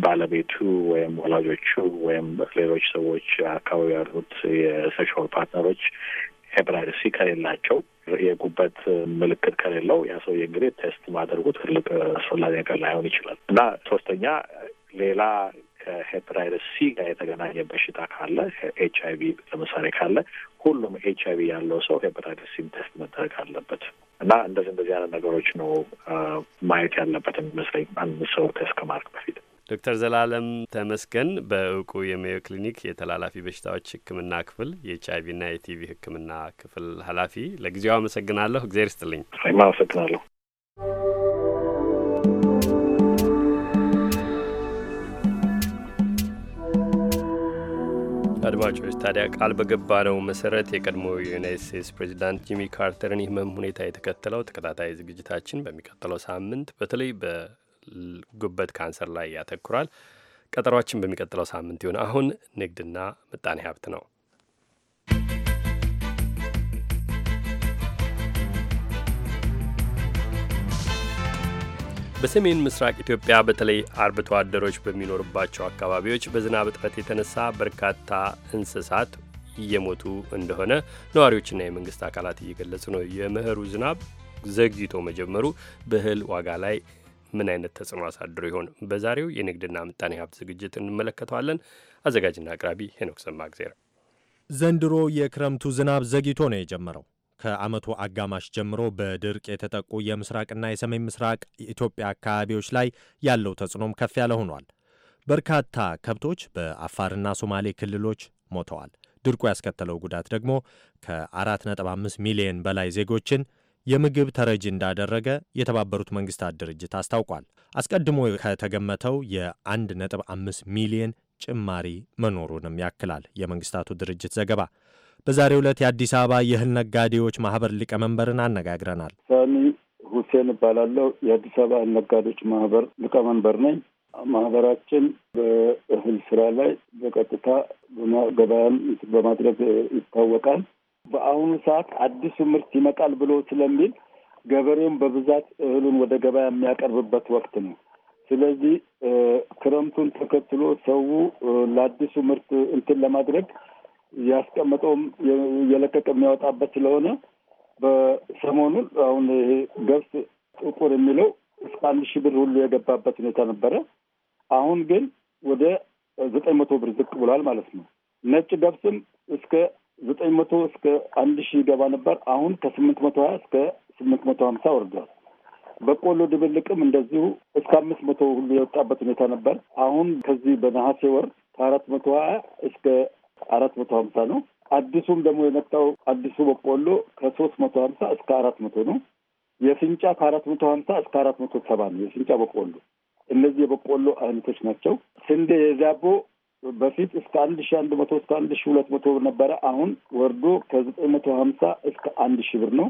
ባለቤቱ ወይም ወላጆቹ ወይም ሌሎች ሰዎች አካባቢ ያሉት የሴክሹዋል ፓርትነሮች ሄፕራሲ ሲ ከሌላቸው የጉበት ምልክት ከሌለው ያ ሰውዬ እንግዲህ ቴስት ማድረጉ ትልቅ አስፈላጊ ነገር ላይሆን ይችላል እና ሶስተኛ ሌላ ከሄፐታይተስ ሲ ጋር የተገናኘ በሽታ ካለ ኤች አይ ቪ ለምሳሌ ካለ ሁሉም ኤች አይቪ ያለው ሰው ሄፓታይተስ ሲም ቴስት መደረግ አለበት እና እንደዚህ እንደዚህ አይነት ነገሮች ነው ማየት ያለበት የሚመስለኝ አንድ ሰው ቴስት ከማድረግ በፊት። ዶክተር ዘላለም ተመስገን በእውቁ የሜዮ ክሊኒክ የተላላፊ በሽታዎች ሕክምና ክፍል የኤች አይቪ ና የቲቪ ሕክምና ክፍል ኃላፊ፣ ለጊዜው አመሰግናለሁ። እግዜር ይስጥልኝ። አመሰግናለሁ። አድማጮች ታዲያ ቃል በገባነው መሰረት የቀድሞ የዩናይት ስቴትስ ፕሬዚዳንት ጂሚ ካርተርን የህመም ሁኔታ የተከተለው ተከታታይ ዝግጅታችን በሚቀጥለው ሳምንት በተለይ በጉበት ካንሰር ላይ ያተኩራል። ቀጠሯችን በሚቀጥለው ሳምንት ይሆን። አሁን ንግድና ምጣኔ ሀብት ነው። በሰሜን ምስራቅ ኢትዮጵያ በተለይ አርብቶ አደሮች በሚኖሩባቸው አካባቢዎች በዝናብ እጥረት የተነሳ በርካታ እንስሳት እየሞቱ እንደሆነ ነዋሪዎችና የመንግስት አካላት እየገለጹ ነው። የመኸሩ ዝናብ ዘግይቶ መጀመሩ በእህል ዋጋ ላይ ምን አይነት ተጽዕኖ አሳድሮ ይሆን? በዛሬው የንግድና ምጣኔ ሀብት ዝግጅት እንመለከተዋለን። አዘጋጅና አቅራቢ ሄኖክ ሰማግዜር። ዘንድሮ የክረምቱ ዝናብ ዘግይቶ ነው የጀመረው። ከዓመቱ አጋማሽ ጀምሮ በድርቅ የተጠቁ የምስራቅና የሰሜን ምስራቅ ኢትዮጵያ አካባቢዎች ላይ ያለው ተጽዕኖም ከፍ ያለ ሆኗል። በርካታ ከብቶች በአፋርና ሶማሌ ክልሎች ሞተዋል። ድርቁ ያስከተለው ጉዳት ደግሞ ከ4.5 ሚሊዮን በላይ ዜጎችን የምግብ ተረጂ እንዳደረገ የተባበሩት መንግስታት ድርጅት አስታውቋል። አስቀድሞ ከተገመተው የ1.5 ሚሊዮን ጭማሪ መኖሩንም ያክላል የመንግስታቱ ድርጅት ዘገባ። በዛሬ ዕለት የአዲስ አበባ የእህል ነጋዴዎች ማህበር ሊቀመንበርን አነጋግረናል። ሳሚ ሁሴን እባላለሁ። የአዲስ አበባ እህል ነጋዴዎች ማህበር ሊቀመንበር ነኝ። ማህበራችን በእህል ስራ ላይ በቀጥታ ገበያን በማድረግ ይታወቃል። በአሁኑ ሰዓት አዲሱ ምርት ይመጣል ብሎ ስለሚል ገበሬውን በብዛት እህሉን ወደ ገበያ የሚያቀርብበት ወቅት ነው። ስለዚህ ክረምቱን ተከትሎ ሰው ለአዲሱ ምርት እንትን ለማድረግ ያስቀመጠውም የለቀቀ የሚያወጣበት ስለሆነ በሰሞኑን አሁን ይሄ ገብስ ጥቁር የሚለው እስከ አንድ ሺህ ብር ሁሉ የገባበት ሁኔታ ነበረ። አሁን ግን ወደ ዘጠኝ መቶ ብር ዝቅ ብሏል ማለት ነው። ነጭ ገብስም እስከ ዘጠኝ መቶ እስከ አንድ ሺህ ይገባ ነበር። አሁን ከስምንት መቶ ሀያ እስከ ስምንት መቶ ሀምሳ ወርዷል። በቆሎ ድብልቅም እንደዚሁ እስከ አምስት መቶ ሁሉ የወጣበት ሁኔታ ነበር። አሁን ከዚህ በነሐሴ ወር ከአራት መቶ ሀያ እስከ አራት መቶ ሀምሳ ነው። አዲሱም ደግሞ የመጣው አዲሱ በቆሎ ከሶስት መቶ ሀምሳ እስከ አራት መቶ ነው። የፍንጫ ከአራት መቶ ሀምሳ እስከ አራት መቶ ሰባ ነው የፍንጫ በቆሎ። እነዚህ የበቆሎ አይነቶች ናቸው። ስንዴ የዳቦ በፊት እስከ አንድ ሺ አንድ መቶ እስከ አንድ ሺ ሁለት መቶ ነበረ። አሁን ወርዶ ከዘጠኝ መቶ ሀምሳ እስከ አንድ ሺ ብር ነው።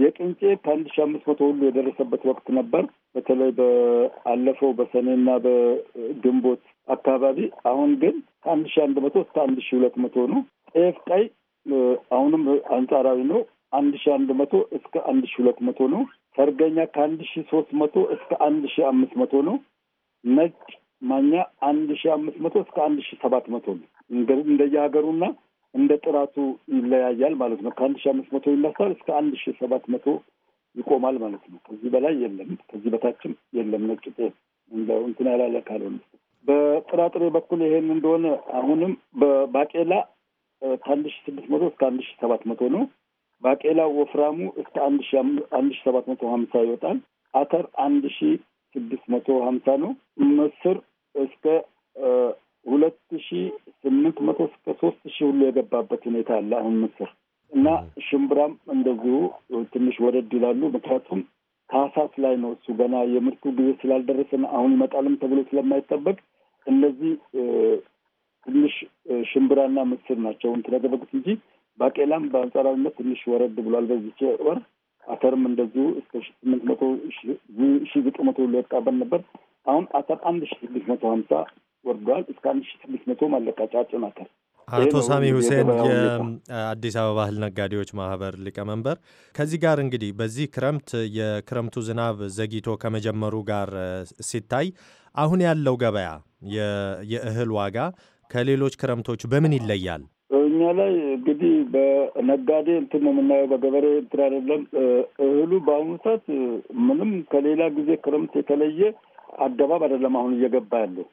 የቅንጬ ከአንድ ሺ አምስት መቶ ሁሉ የደረሰበት ወቅት ነበር። በተለይ በአለፈው በሰኔና በግንቦት አካባቢ። አሁን ግን ከአንድ ሺ አንድ መቶ እስከ አንድ ሺ ሁለት መቶ ነው። ጤፍ ቀይ አሁንም አንጻራዊ ነው። አንድ ሺ አንድ መቶ እስከ አንድ ሺ ሁለት መቶ ነው። ሰርገኛ ከአንድ ሺ ሶስት መቶ እስከ አንድ ሺ አምስት መቶ ነው። ነጭ ማኛ አንድ ሺ አምስት መቶ እስከ አንድ ሺ ሰባት መቶ ነው እንደየ ሀገሩና እንደ ጥራቱ ይለያያል ማለት ነው። ከአንድ ሺ አምስት መቶ ይነሳል እስከ አንድ ሺ ሰባት መቶ ይቆማል ማለት ነው። ከዚህ በላይ የለም፣ ከዚህ በታችም የለም። ነጭ ጤፍ እንደው እንትን ያላለ ካልሆነ በጥራጥሬ በኩል ይሄን እንደሆነ አሁንም በባቄላ ከአንድ ሺ ስድስት መቶ እስከ አንድ ሺ ሰባት መቶ ነው። ባቄላ ወፍራሙ እስከ አንድ ሺ አንድ ሺ ሰባት መቶ ሀምሳ ይወጣል። አተር አንድ ሺ ስድስት መቶ ሀምሳ ነው። ምስር እስከ ሁለት ሺ ስምንት መቶ እስከ ሶስት ሺ ሁሉ የገባበት ሁኔታ አለ። አሁን ምስር እና ሽምብራም እንደዚሁ ትንሽ ወደድ ይላሉ። ምክንያቱም ታህሳስ ላይ ነው እሱ ገና የምርቱ ጊዜ ስላልደረሰን አሁን ይመጣልም ተብሎ ስለማይጠበቅ እነዚህ ትንሽ ሽምብራና ምስር ናቸው እንትን ያደረጉት እንጂ ባቄላም በአንጻራዊነት ትንሽ ወረድ ብሏል በዚህ ወር። አተርም እንደዚሁ እስከ ስምንት መቶ ሺ ዘጠኝ መቶ ሁሉ የወጣበት ነበር። አሁን አተር አንድ ሺ ስድስት መቶ ሀምሳ ወርደዋል። እስከ አንድ ሺ ስድስት መቶ ማለቃጫጭ ናከል አቶ ሳሚ ሁሴን የአዲስ አበባ እህል ነጋዴዎች ማህበር ሊቀመንበር፣ ከዚህ ጋር እንግዲህ በዚህ ክረምት የክረምቱ ዝናብ ዘግይቶ ከመጀመሩ ጋር ሲታይ አሁን ያለው ገበያ የእህል ዋጋ ከሌሎች ክረምቶች በምን ይለያል? እኛ ላይ እንግዲህ በነጋዴ እንትን ነው የምናየው፣ በገበሬ እንትን አይደለም። እህሉ በአሁኑ ሰዓት ምንም ከሌላ ጊዜ ክረምት የተለየ አገባብ አይደለም አሁን እየገባ ያለው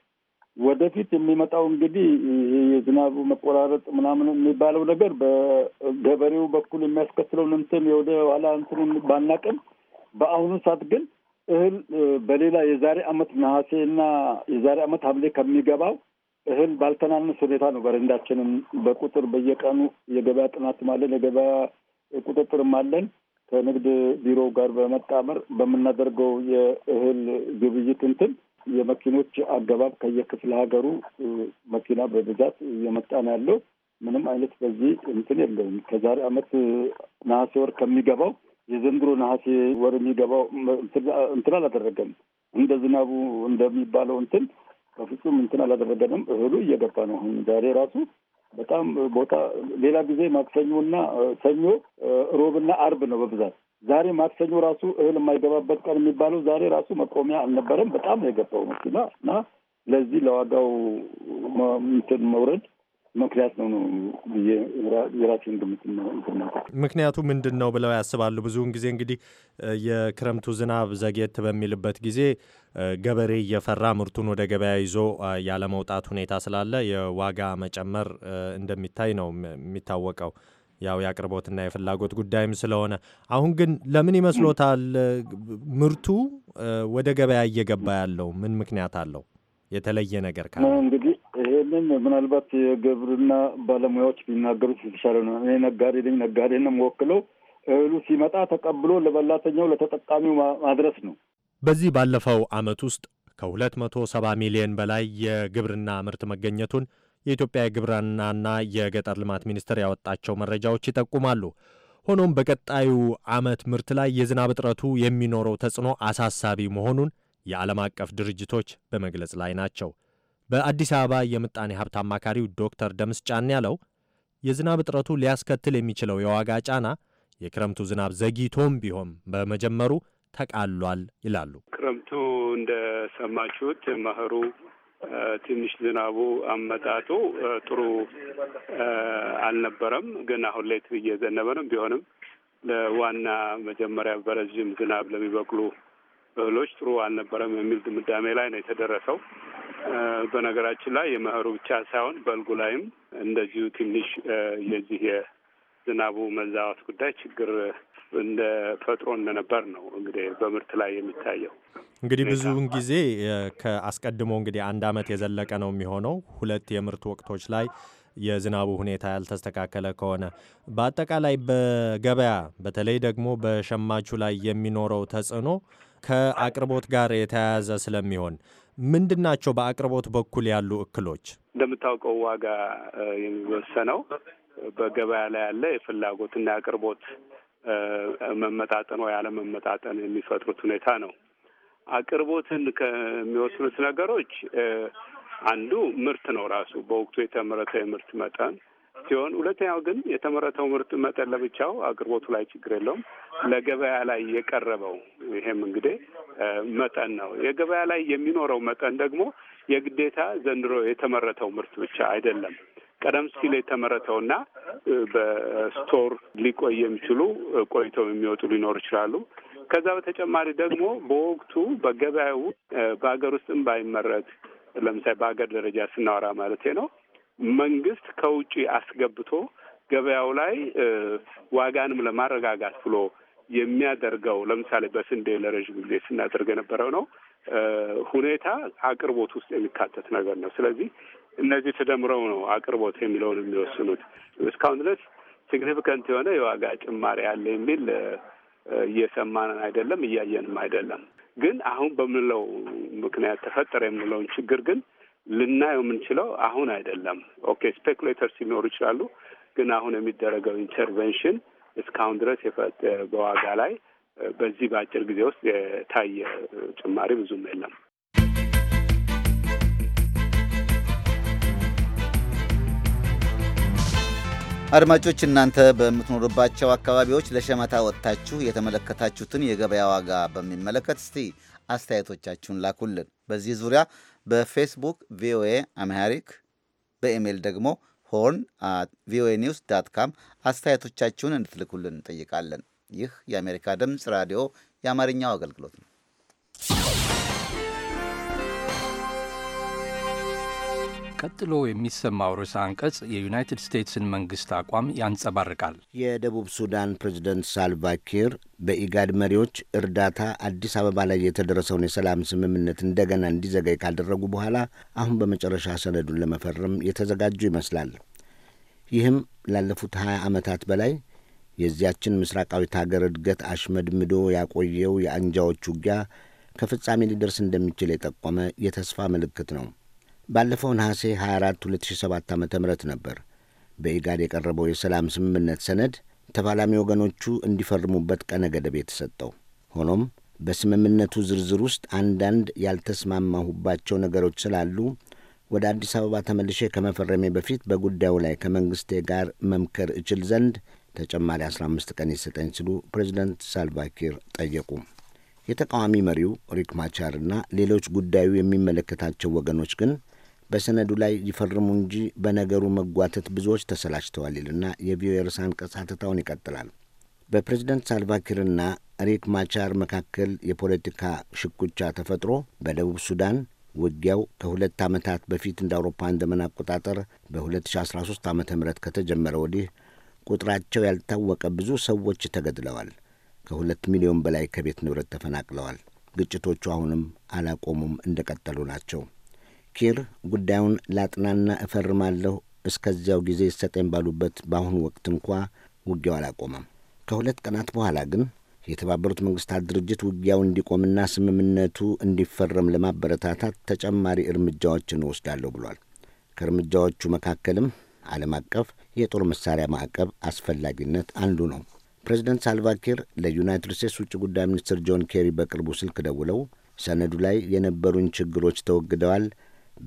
ወደፊት የሚመጣው እንግዲህ የዝናቡ መቆራረጥ ምናምን የሚባለው ነገር በገበሬው በኩል የሚያስከትለውን እንትን የወደ ኋላ እንትን ባናቅም በአሁኑ ሰዓት ግን እህል በሌላ የዛሬ አመት ነሐሴ እና የዛሬ አመት ሐምሌ ከሚገባው እህል ባልተናነስ ሁኔታ ነው በረንዳችንም በቁጥር በየቀኑ የገበያ ጥናትም አለን፣ የገበያ ቁጥጥርም አለን። ከንግድ ቢሮው ጋር በመጣመር በምናደርገው የእህል ግብይት እንትን የመኪኖች አገባብ ከየክፍለ ሀገሩ መኪና በብዛት እየመጣ ነው ያለው። ምንም አይነት በዚህ እንትን የለውም። ከዛሬ አመት ነሐሴ ወር ከሚገባው የዘንድሮ ነሐሴ ወር የሚገባው እንትን አላደረገም። እንደ ዝናቡ እንደሚባለው እንትን በፍጹም እንትን አላደረገንም። እህሉ እየገባ ነው። አሁን ዛሬ ራሱ በጣም ቦታ ሌላ ጊዜ ማክሰኞና ሰኞ፣ ሮብና አርብ ነው በብዛት ዛሬ ማክሰኞ ራሱ እህል የማይገባበት ቀን የሚባለው ዛሬ ራሱ መቆሚያ አልነበረም። በጣም ነው የገባው መኪና እና ለዚህ ለዋጋው እንትን መውረድ ምክንያት ነው ነው የራሴ የራሴን ምክንያቱ ምንድን ነው ብለው ያስባሉ? ብዙውን ጊዜ እንግዲህ የክረምቱ ዝናብ ዘግየት በሚልበት ጊዜ ገበሬ እየፈራ ምርቱን ወደ ገበያ ይዞ ያለመውጣት ሁኔታ ስላለ የዋጋ መጨመር እንደሚታይ ነው የሚታወቀው። ያው የአቅርቦትና የፍላጎት ጉዳይም ስለሆነ አሁን ግን ለምን ይመስሎታል ምርቱ ወደ ገበያ እየገባ ያለው ምን ምክንያት አለው? የተለየ ነገር ካለ እንግዲህ ይህንን ምናልባት የግብርና ባለሙያዎች ቢናገሩት የተሻለ ነው። እኔ ነጋዴ ነኝ፣ ነጋዴን ነው የምወክለው። እህሉ ሲመጣ ተቀብሎ ለበላተኛው ለተጠቃሚው ማድረስ ነው። በዚህ ባለፈው ዓመት ውስጥ ከ270 ሚሊዮን በላይ የግብርና ምርት መገኘቱን የኢትዮጵያ የግብርናና የገጠር ልማት ሚኒስቴር ያወጣቸው መረጃዎች ይጠቁማሉ። ሆኖም በቀጣዩ ዓመት ምርት ላይ የዝናብ እጥረቱ የሚኖረው ተጽዕኖ አሳሳቢ መሆኑን የዓለም አቀፍ ድርጅቶች በመግለጽ ላይ ናቸው። በአዲስ አበባ የምጣኔ ሀብት አማካሪው ዶክተር ደምስ ጫን ያለው የዝናብ እጥረቱ ሊያስከትል የሚችለው የዋጋ ጫና የክረምቱ ዝናብ ዘግይቶም ቢሆን በመጀመሩ ተቃሏል ይላሉ። ክረምቱ እንደሰማችሁት መኸሩ ትንሽ ዝናቡ አመጣጡ ጥሩ አልነበረም። ግን አሁን ላይ እየዘነበ ነው። ቢሆንም ለዋና መጀመሪያ በረዥም ዝናብ ለሚበቅሉ እህሎች ጥሩ አልነበረም የሚል ድምዳሜ ላይ ነው የተደረሰው። በነገራችን ላይ የመኸሩ ብቻ ሳይሆን በልጉ ላይም እንደዚሁ ትንሽ የዚህ የዝናቡ መዛዋት ጉዳይ ችግር እንደ ፈጥሮ እንደነበር ነው እንግዲህ በምርት ላይ የሚታየው። እንግዲህ ብዙውን ጊዜ ከአስቀድሞ እንግዲህ አንድ ዓመት የዘለቀ ነው የሚሆነው ሁለት የምርት ወቅቶች ላይ የዝናቡ ሁኔታ ያልተስተካከለ ከሆነ በአጠቃላይ በገበያ በተለይ ደግሞ በሸማቹ ላይ የሚኖረው ተጽዕኖ ከአቅርቦት ጋር የተያያዘ ስለሚሆን ምንድን ናቸው በአቅርቦት በኩል ያሉ እክሎች? እንደምታውቀው ዋጋ የሚወሰነው በገበያ ላይ ያለ የፍላጎትና የአቅርቦት መመጣጠን ወይ አለመመጣጠን የሚፈጥሩት ሁኔታ ነው። አቅርቦትን ከሚወስኑት ነገሮች አንዱ ምርት ነው ራሱ በወቅቱ የተመረተ የምርት መጠን ሲሆን፣ ሁለተኛው ግን የተመረተው ምርት መጠን ለብቻው አቅርቦቱ ላይ ችግር የለውም። ለገበያ ላይ የቀረበው ይሄም እንግዲህ መጠን ነው። የገበያ ላይ የሚኖረው መጠን ደግሞ የግዴታ ዘንድሮ የተመረተው ምርት ብቻ አይደለም። ቀደም ሲል የተመረተውና በስቶር ሊቆይ የሚችሉ ቆይተው የሚወጡ ሊኖሩ ይችላሉ። ከዛ በተጨማሪ ደግሞ በወቅቱ በገበያው በሀገር ውስጥም ባይመረት ለምሳሌ በሀገር ደረጃ ስናወራ ማለት ነው መንግስት ከውጭ አስገብቶ ገበያው ላይ ዋጋንም ለማረጋጋት ብሎ የሚያደርገው ለምሳሌ በስንዴ ለረዥም ጊዜ ስናደርግ የነበረው ነው ሁኔታ አቅርቦት ውስጥ የሚካተት ነገር ነው። ስለዚህ እነዚህ ተደምረው ነው አቅርቦት የሚለውን የሚወስኑት። እስካሁን ድረስ ሲግኒፊካንት የሆነ የዋጋ ጭማሪ አለ የሚል እየሰማንን አይደለም፣ እያየንም አይደለም። ግን አሁን በምንለው ምክንያት ተፈጠረ የምንለውን ችግር ግን ልናየው የምንችለው አሁን አይደለም። ኦኬ ስፔኩሌተርስ ሊኖሩ ይችላሉ። ግን አሁን የሚደረገው ኢንተርቬንሽን እስካሁን ድረስ በዋጋ ላይ በዚህ በአጭር ጊዜ ውስጥ የታየ ጭማሪ ብዙም የለም። አድማጮች እናንተ በምትኖርባቸው አካባቢዎች ለሸመታ ወጥታችሁ የተመለከታችሁትን የገበያ ዋጋ በሚመለከት እስቲ አስተያየቶቻችሁን ላኩልን። በዚህ ዙሪያ በፌስቡክ ቪኦኤ አምሃሪክ፣ በኢሜይል ደግሞ ሆርን አት ቪኦኤ ኒውስ ዳት ካም አስተያየቶቻችሁን እንድትልኩልን እንጠይቃለን። ይህ የአሜሪካ ድምፅ ራዲዮ የአማርኛው አገልግሎት ነው። ቀጥሎ የሚሰማው ርዕሰ አንቀጽ የዩናይትድ ስቴትስን መንግሥት አቋም ያንጸባርቃል። የደቡብ ሱዳን ፕሬዝደንት ሳልቫኪር በኢጋድ መሪዎች እርዳታ አዲስ አበባ ላይ የተደረሰውን የሰላም ስምምነት እንደገና እንዲዘገይ ካደረጉ በኋላ አሁን በመጨረሻ ሰነዱን ለመፈረም የተዘጋጁ ይመስላል። ይህም ላለፉት 20 ዓመታት በላይ የዚያችን ምስራቃዊት ታገር እድገት አሽመድምዶ ያቆየው የአንጃዎች ውጊያ ከፍጻሜ ሊደርስ እንደሚችል የጠቆመ የተስፋ ምልክት ነው። ባለፈው ነሐሴ 24 2007 ዓ ም ነበር በኢጋድ የቀረበው የሰላም ስምምነት ሰነድ ተፋላሚ ወገኖቹ እንዲፈርሙበት ቀነ ገደብ የተሰጠው። ሆኖም በስምምነቱ ዝርዝር ውስጥ አንዳንድ ያልተስማማሁባቸው ነገሮች ስላሉ ወደ አዲስ አበባ ተመልሼ ከመፈረሜ በፊት በጉዳዩ ላይ ከመንግሥቴ ጋር መምከር እችል ዘንድ ተጨማሪ 15 ቀን ይሰጠኝ ሲሉ ፕሬዚደንት ሳልቫኪር ጠየቁ። የተቃዋሚ መሪው ሪክ ማቻርና ሌሎች ጉዳዩ የሚመለከታቸው ወገኖች ግን በሰነዱ ላይ ይፈርሙ እንጂ በነገሩ መጓተት ብዙዎች ተሰላችተዋል ይልና የቪኦኤ ርዕሰ አንቀጽ ሐተታውን ይቀጥላል። በፕሬዝደንት ሳልቫኪርና ሪክ ማቻር መካከል የፖለቲካ ሽኩቻ ተፈጥሮ በደቡብ ሱዳን ውጊያው ከሁለት ዓመታት በፊት እንደ አውሮፓውያን ዘመን አቆጣጠር በ2013 ዓ ም ከተጀመረ ወዲህ ቁጥራቸው ያልታወቀ ብዙ ሰዎች ተገድለዋል። ከሁለት ሚሊዮን በላይ ከቤት ንብረት ተፈናቅለዋል። ግጭቶቹ አሁንም አላቆሙም፣ እንደቀጠሉ ናቸው። ኪር ጉዳዩን ላጥናና እፈርማለሁ እስከዚያው ጊዜ ይሰጠኝ ባሉበት በአሁኑ ወቅት እንኳ ውጊያው አላቆመም። ከሁለት ቀናት በኋላ ግን የተባበሩት መንግስታት ድርጅት ውጊያው እንዲቆምና ስምምነቱ እንዲፈረም ለማበረታታት ተጨማሪ እርምጃዎችን እወስዳለሁ ብሏል። ከእርምጃዎቹ መካከልም ዓለም አቀፍ የጦር መሳሪያ ማዕቀብ አስፈላጊነት አንዱ ነው። ፕሬዚደንት ሳልቫኪር ለዩናይትድ ስቴትስ ውጭ ጉዳይ ሚኒስትር ጆን ኬሪ በቅርቡ ስልክ ደውለው ሰነዱ ላይ የነበሩን ችግሮች ተወግደዋል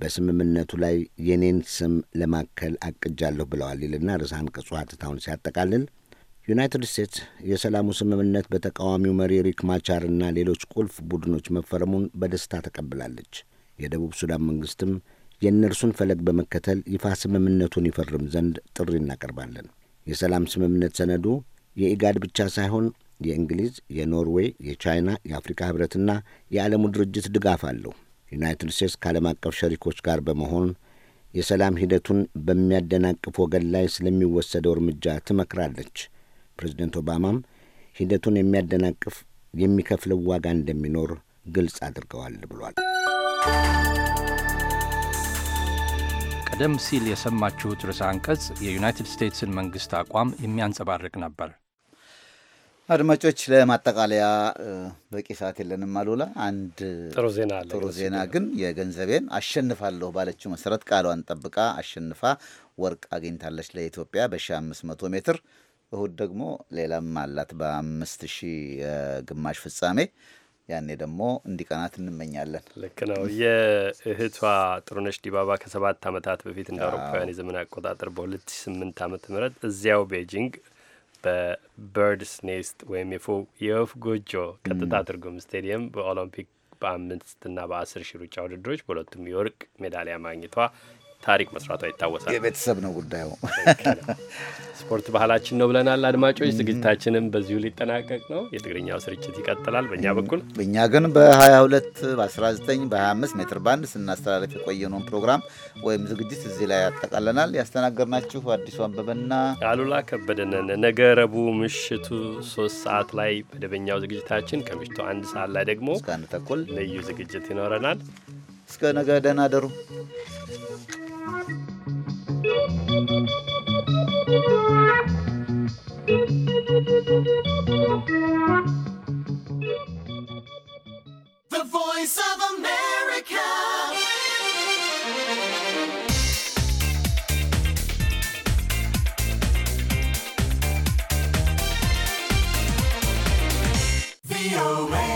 በስምምነቱ ላይ የኔን ስም ለማከል አቅጃለሁ ብለዋል ይልና ርዕሰ አንቀጹ ሐተታውን ሲያጠቃልል ዩናይትድ ስቴትስ የሰላሙ ስምምነት በተቃዋሚው መሪ ሪክ ማቻርና ሌሎች ቁልፍ ቡድኖች መፈረሙን በደስታ ተቀብላለች። የደቡብ ሱዳን መንግስትም የእነርሱን ፈለግ በመከተል ይፋ ስምምነቱን ይፈርም ዘንድ ጥሪ እናቀርባለን። የሰላም ስምምነት ሰነዱ የኢጋድ ብቻ ሳይሆን የእንግሊዝ፣ የኖርዌይ፣ የቻይና፣ የአፍሪካ ህብረትና የዓለሙ ድርጅት ድጋፍ አለው። ዩናይትድ ስቴትስ ከዓለም አቀፍ ሸሪኮች ጋር በመሆን የሰላም ሂደቱን በሚያደናቅፍ ወገን ላይ ስለሚወሰደው እርምጃ ትመክራለች። ፕሬዚደንት ኦባማም ሂደቱን የሚያደናቅፍ የሚከፍለው ዋጋ እንደሚኖር ግልጽ አድርገዋል ብሏል። ቀደም ሲል የሰማችሁት ርዕሰ አንቀጽ የዩናይትድ ስቴትስን መንግሥት አቋም የሚያንጸባርቅ ነበር። አድማጮች ለማጠቃለያ በቂ ሰዓት የለንም። አሉላ አንድ ጥሩ ዜና አለ። ጥሩ ዜና ግን የገንዘቤን አሸንፋለሁ ባለችው መሰረት ቃሏን ጠብቃ አሸንፋ ወርቅ አግኝታለች ለኢትዮጵያ በ1500 ሜትር። እሁድ ደግሞ ሌላም አላት በ5000 የግማሽ ፍጻሜ። ያኔ ደግሞ እንዲቀናት እንመኛለን። ልክ ነው። የእህቷ ጥሩነሽ ዲባባ ከሰባት ዓመታት በፊት እንደ አውሮፓውያን የዘመን አቆጣጠር በ2008 ዓ ም እዚያው ቤጂንግ በበርድስ ኔስት ወይም የወፍ ጎጆ ቀጥታ ትርጉም ስቴዲየም በኦሎምፒክ በአምስትና በአስር ሺ ሩጫ ውድድሮች በሁለቱም የወርቅ ሜዳሊያ ማግኘቷ ታሪክ መስራቷ ይታወሳል። የቤተሰብ ነው ጉዳዩ። ስፖርት ባህላችን ነው ብለናል። አድማጮች ዝግጅታችንም በዚሁ ሊጠናቀቅ ነው። የትግርኛው ስርጭት ይቀጥላል። በእኛ በኩል እኛ ግን በ22 በ19 በ25 ሜትር ባንድ ስናስተላለፍ የቆየነውን ፕሮግራም ወይም ዝግጅት እዚህ ላይ ያጠቃለናል። ያስተናገድናችሁ አዲሱ አበበና አሉላ ከበደነን። ነገ ረቡዕ ምሽቱ ሶስት ሰዓት ላይ መደበኛው ዝግጅታችን፣ ከምሽቱ አንድ ሰዓት ላይ ደግሞ እስከ አንድ ተኩል ልዩ ዝግጅት ይኖረናል። እስከ ነገ ደህና The Voice of America. The